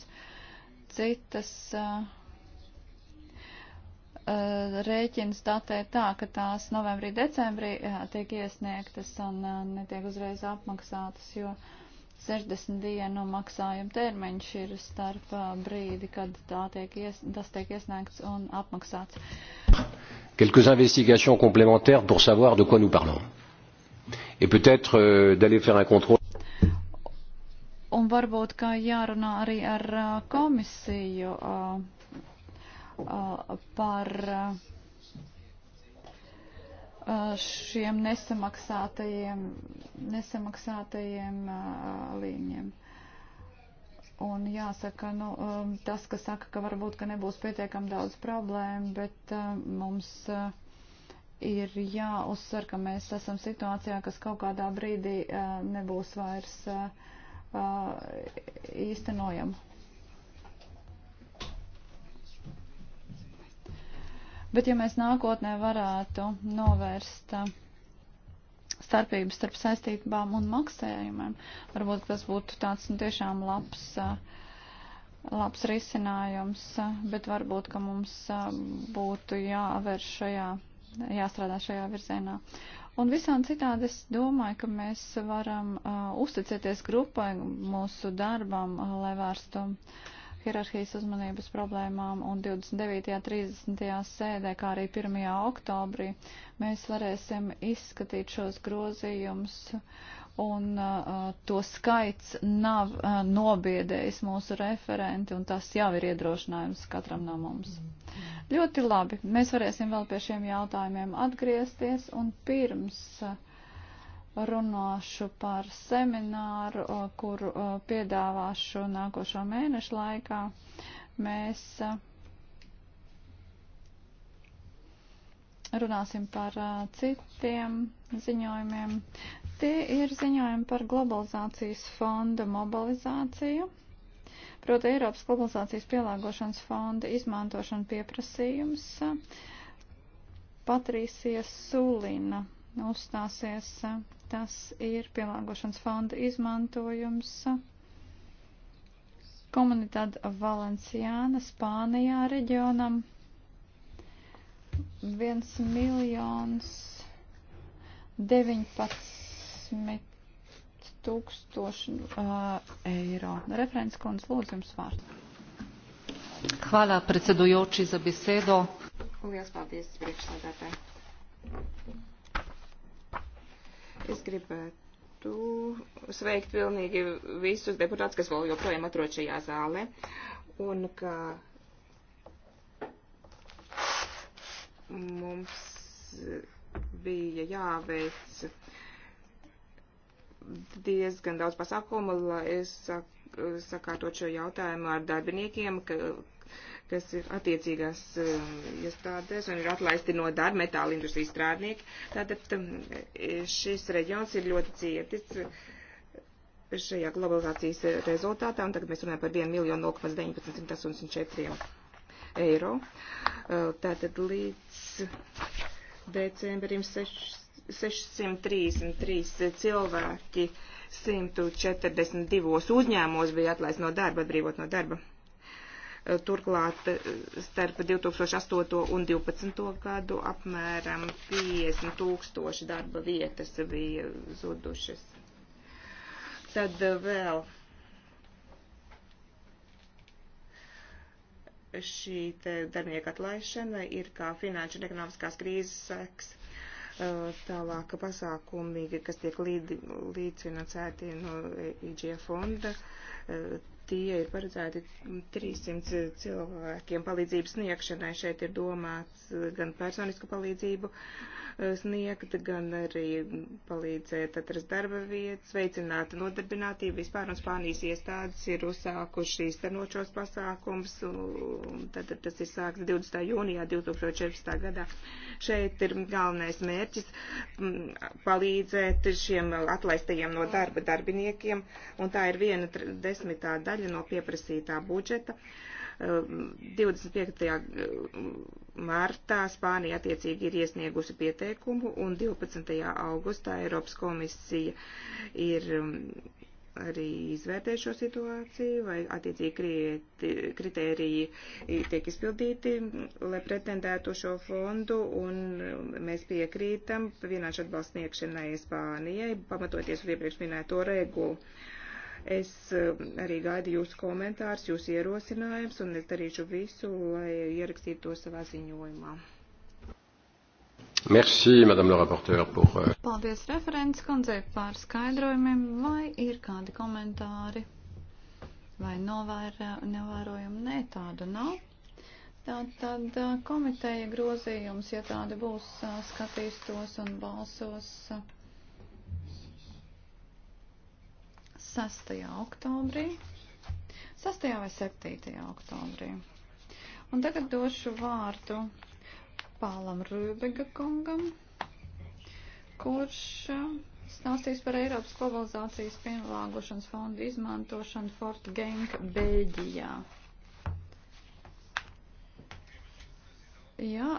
citas uh, uh, rēķins datē tā, ka tās novembrī, decembrī uh, tiek iesniegtas un uh, netiek uzreiz apmaksātas, jo uh, 60 dienu maksājuma termiņš ir starp brīdi, kad tiek ies, tas tiek iesniegts un apmaksāts. Quelques investigations complémentaires pour savoir de quoi nous parlons. Et peut-être euh, d'aller faire un contrôle. Un varbūt, ka jārunā arī ar komisiju uh, uh, par. Uh, šiem nesamaksātajiem, nesamaksātajiem līņiem. Un jāsaka, nu, tas, ka saka, ka varbūt, ka nebūs pietiekam daudz problēmu, bet mums ir jāuzsver, ka mēs esam situācijā, kas kaut kādā brīdī nebūs vairs īstenojama. Bet ja mēs nākotnē varētu novērst uh, starpības starp saistībām un maksējumiem, varbūt tas būtu tāds nu, tiešām labs. Uh, labs risinājums, uh, bet varbūt, ka mums būtu jāvērš šajā, jāstrādā šajā virzienā. Un visām citādi es domāju, ka mēs varam uh, uzticēties grupai mūsu darbam, uh, lai vērstu uh, hierarhijas uzmanības problēmām un 29. 30. sēdē, kā arī 1. oktobrī, mēs varēsim izskatīt šos grozījumus un uh, to skaits nav uh, nobiedējis mūsu referenti un tas jau ir iedrošinājums katram no mums. Mm. Ļoti labi, mēs varēsim vēl pie šiem jautājumiem atgriezties un pirms. Uh, runāšu par semināru, kuru piedāvāšu nākošo mēnešu laikā. Mēs runāsim par citiem ziņojumiem. Tie ir ziņojumi par globalizācijas fonda mobilizāciju, proti Eiropas globalizācijas pielāgošanas fonda izmantošana pieprasījums. Patrīsija Sulina uzstāsies Tas ir pielāgošanas fonda izmantojums. Komunitāte Valenciāna Spānijā reģionam viens miljons 19 tūkstoši uh, eiro. Referents kundz, lūdzu jums vārdu. Hvala predsedujoči za besedo. Lielas paldies priekšsādātāji. Es gribētu sveikt pilnīgi visus deputātus, kas vēl joprojām atrod šajā zālē. Un ka mums bija jāveic diezgan daudz pasākumu, lai es sakārtot šo jautājumu ar darbiniekiem, ka, kas ir attiecīgās eh, iestādēs un ir atlaisti no darba metāla industrijas strādnieki. Tātad mm, šis reģions ir ļoti cietis eh, šajā globalizācijas eh, rezultātā, un tagad mēs runājam par 1 miljonu 0,1984 eiro. Tātad līdz decembrim 633 cilvēki 142 uzņēmumos bija atlaist no darba, atbrīvot no darba. Turklāt eh, starp 2008 un 2012 gadu apmēram 50 tūkstoši darba vietas bija zudušas. Tad eh, vēl šī darbinieka atlaišana ir kā finanšu un ekonomiskās krīzes seks. Eh, tālāk pasākumi, kas tiek līd, līdzfinansēti no e IGF fonda, tie ir paredzēti 300 cilvēkiem palīdzības sniegšanai. Šeit ir domāts gan personisku palīdzību eh, sniegt, gan arī palīdzēt atrast darba vietas, veicināt nodarbinātību. Vispār un Spānijas iestādes ir uzsākuši īstenošos pasākums, un tad tas ir sākts 20. jūnijā 2014. gadā. Šeit ir galvenais mērķis mm, palīdzēt šiem atlaistajiem no darba darbiniekiem, un tā ir viena desmitā daļa daļa no pieprasītā budžeta. 25. Ehm, ehm, martā Spānija attiecīgi ir iesniegusi pieteikumu un 12. augustā Eiropas komisija ir ehm, arī izvērtē šo situāciju, vai attiecīgi kritēriji tiek izpildīti, lai pretendētu šo fondu, un mēs piekrītam finanšu atbalstu sniegšanai Spānijai, pamatoties uz iepriekš minēto regulu. Uh, Es um, arī gaidu jūsu komentārus, jūsu ierosinājums, un es darīšu visu, lai ierakstītu to savā ziņojumā. Merci, Madame la rapporteure, pour... Euh, Paldies referents kundzei par skaidrojumiem. Vai ir kādi komentāri vai novēra, novērojumi? Nē, tādu nav. Tātad uh, komiteja grozījums, ja tādi būs, uh, skatīs tos un balsos. Uh, 6. oktobrī, 6. vai 7. oktobrī. Un tagad došu vārdu Pālam Rūbega kungam, kurš stāstīs par Eiropas globalizācijas pielāgošanas fondu izmantošanu Fort Genk Beļģijā. Jā,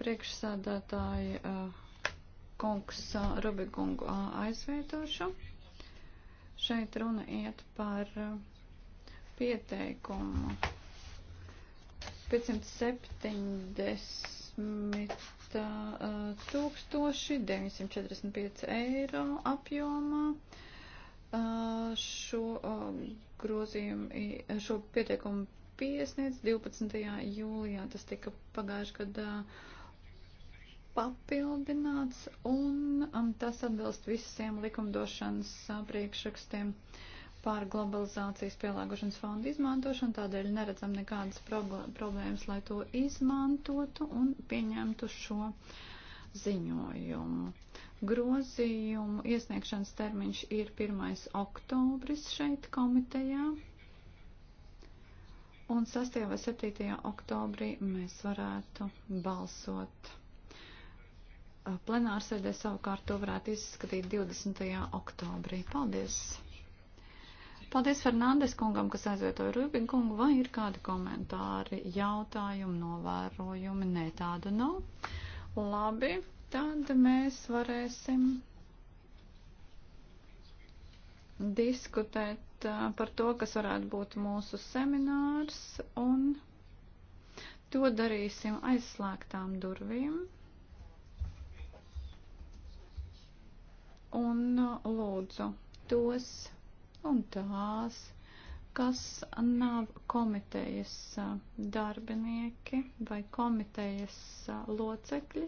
priekšsādātāji kungs Rubikungu aizvietošu. Šeit runa iet par uh, pieteikumu 570 945 uh, eiro apjomā. Uh, šo um, grozījumu, šo pieteikumu piesniedz 12. jūlijā, tas tika pagājuši gadā. Uh, papildināts un um, tas atbilst visiem likumdošanas uh, priekšrakstiem pār globalizācijas pielāgošanas fondu izmantošanu, tādēļ neredzam nekādas problēmas, lai to izmantotu un pieņemtu šo ziņojumu. Grozījumu iesniegšanas termiņš ir 1. oktobris šeit komitejā. Un 6. vai 7. oktobrī mēs varētu balsot Uh, plenārsēdē savukārt to varētu izskatīt 20. oktobrī. Paldies! Paldies Fernandes kungam, kas aizvietoja Rubin kungu. Vai ir kādi komentāri, jautājumi, novērojumi? Nē, tādu nav. Labi, tad mēs varēsim diskutēt uh, par to, kas varētu būt mūsu seminārs, un to darīsim aizslēgtām durvīm. un uh, lūdzu tos un tās, kas nav komitejas uh, darbinieki vai komitejas uh, locekļi,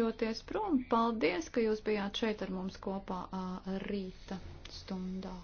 doties prom. Paldies, ka jūs bijāt šeit ar mums kopā rīta stundā.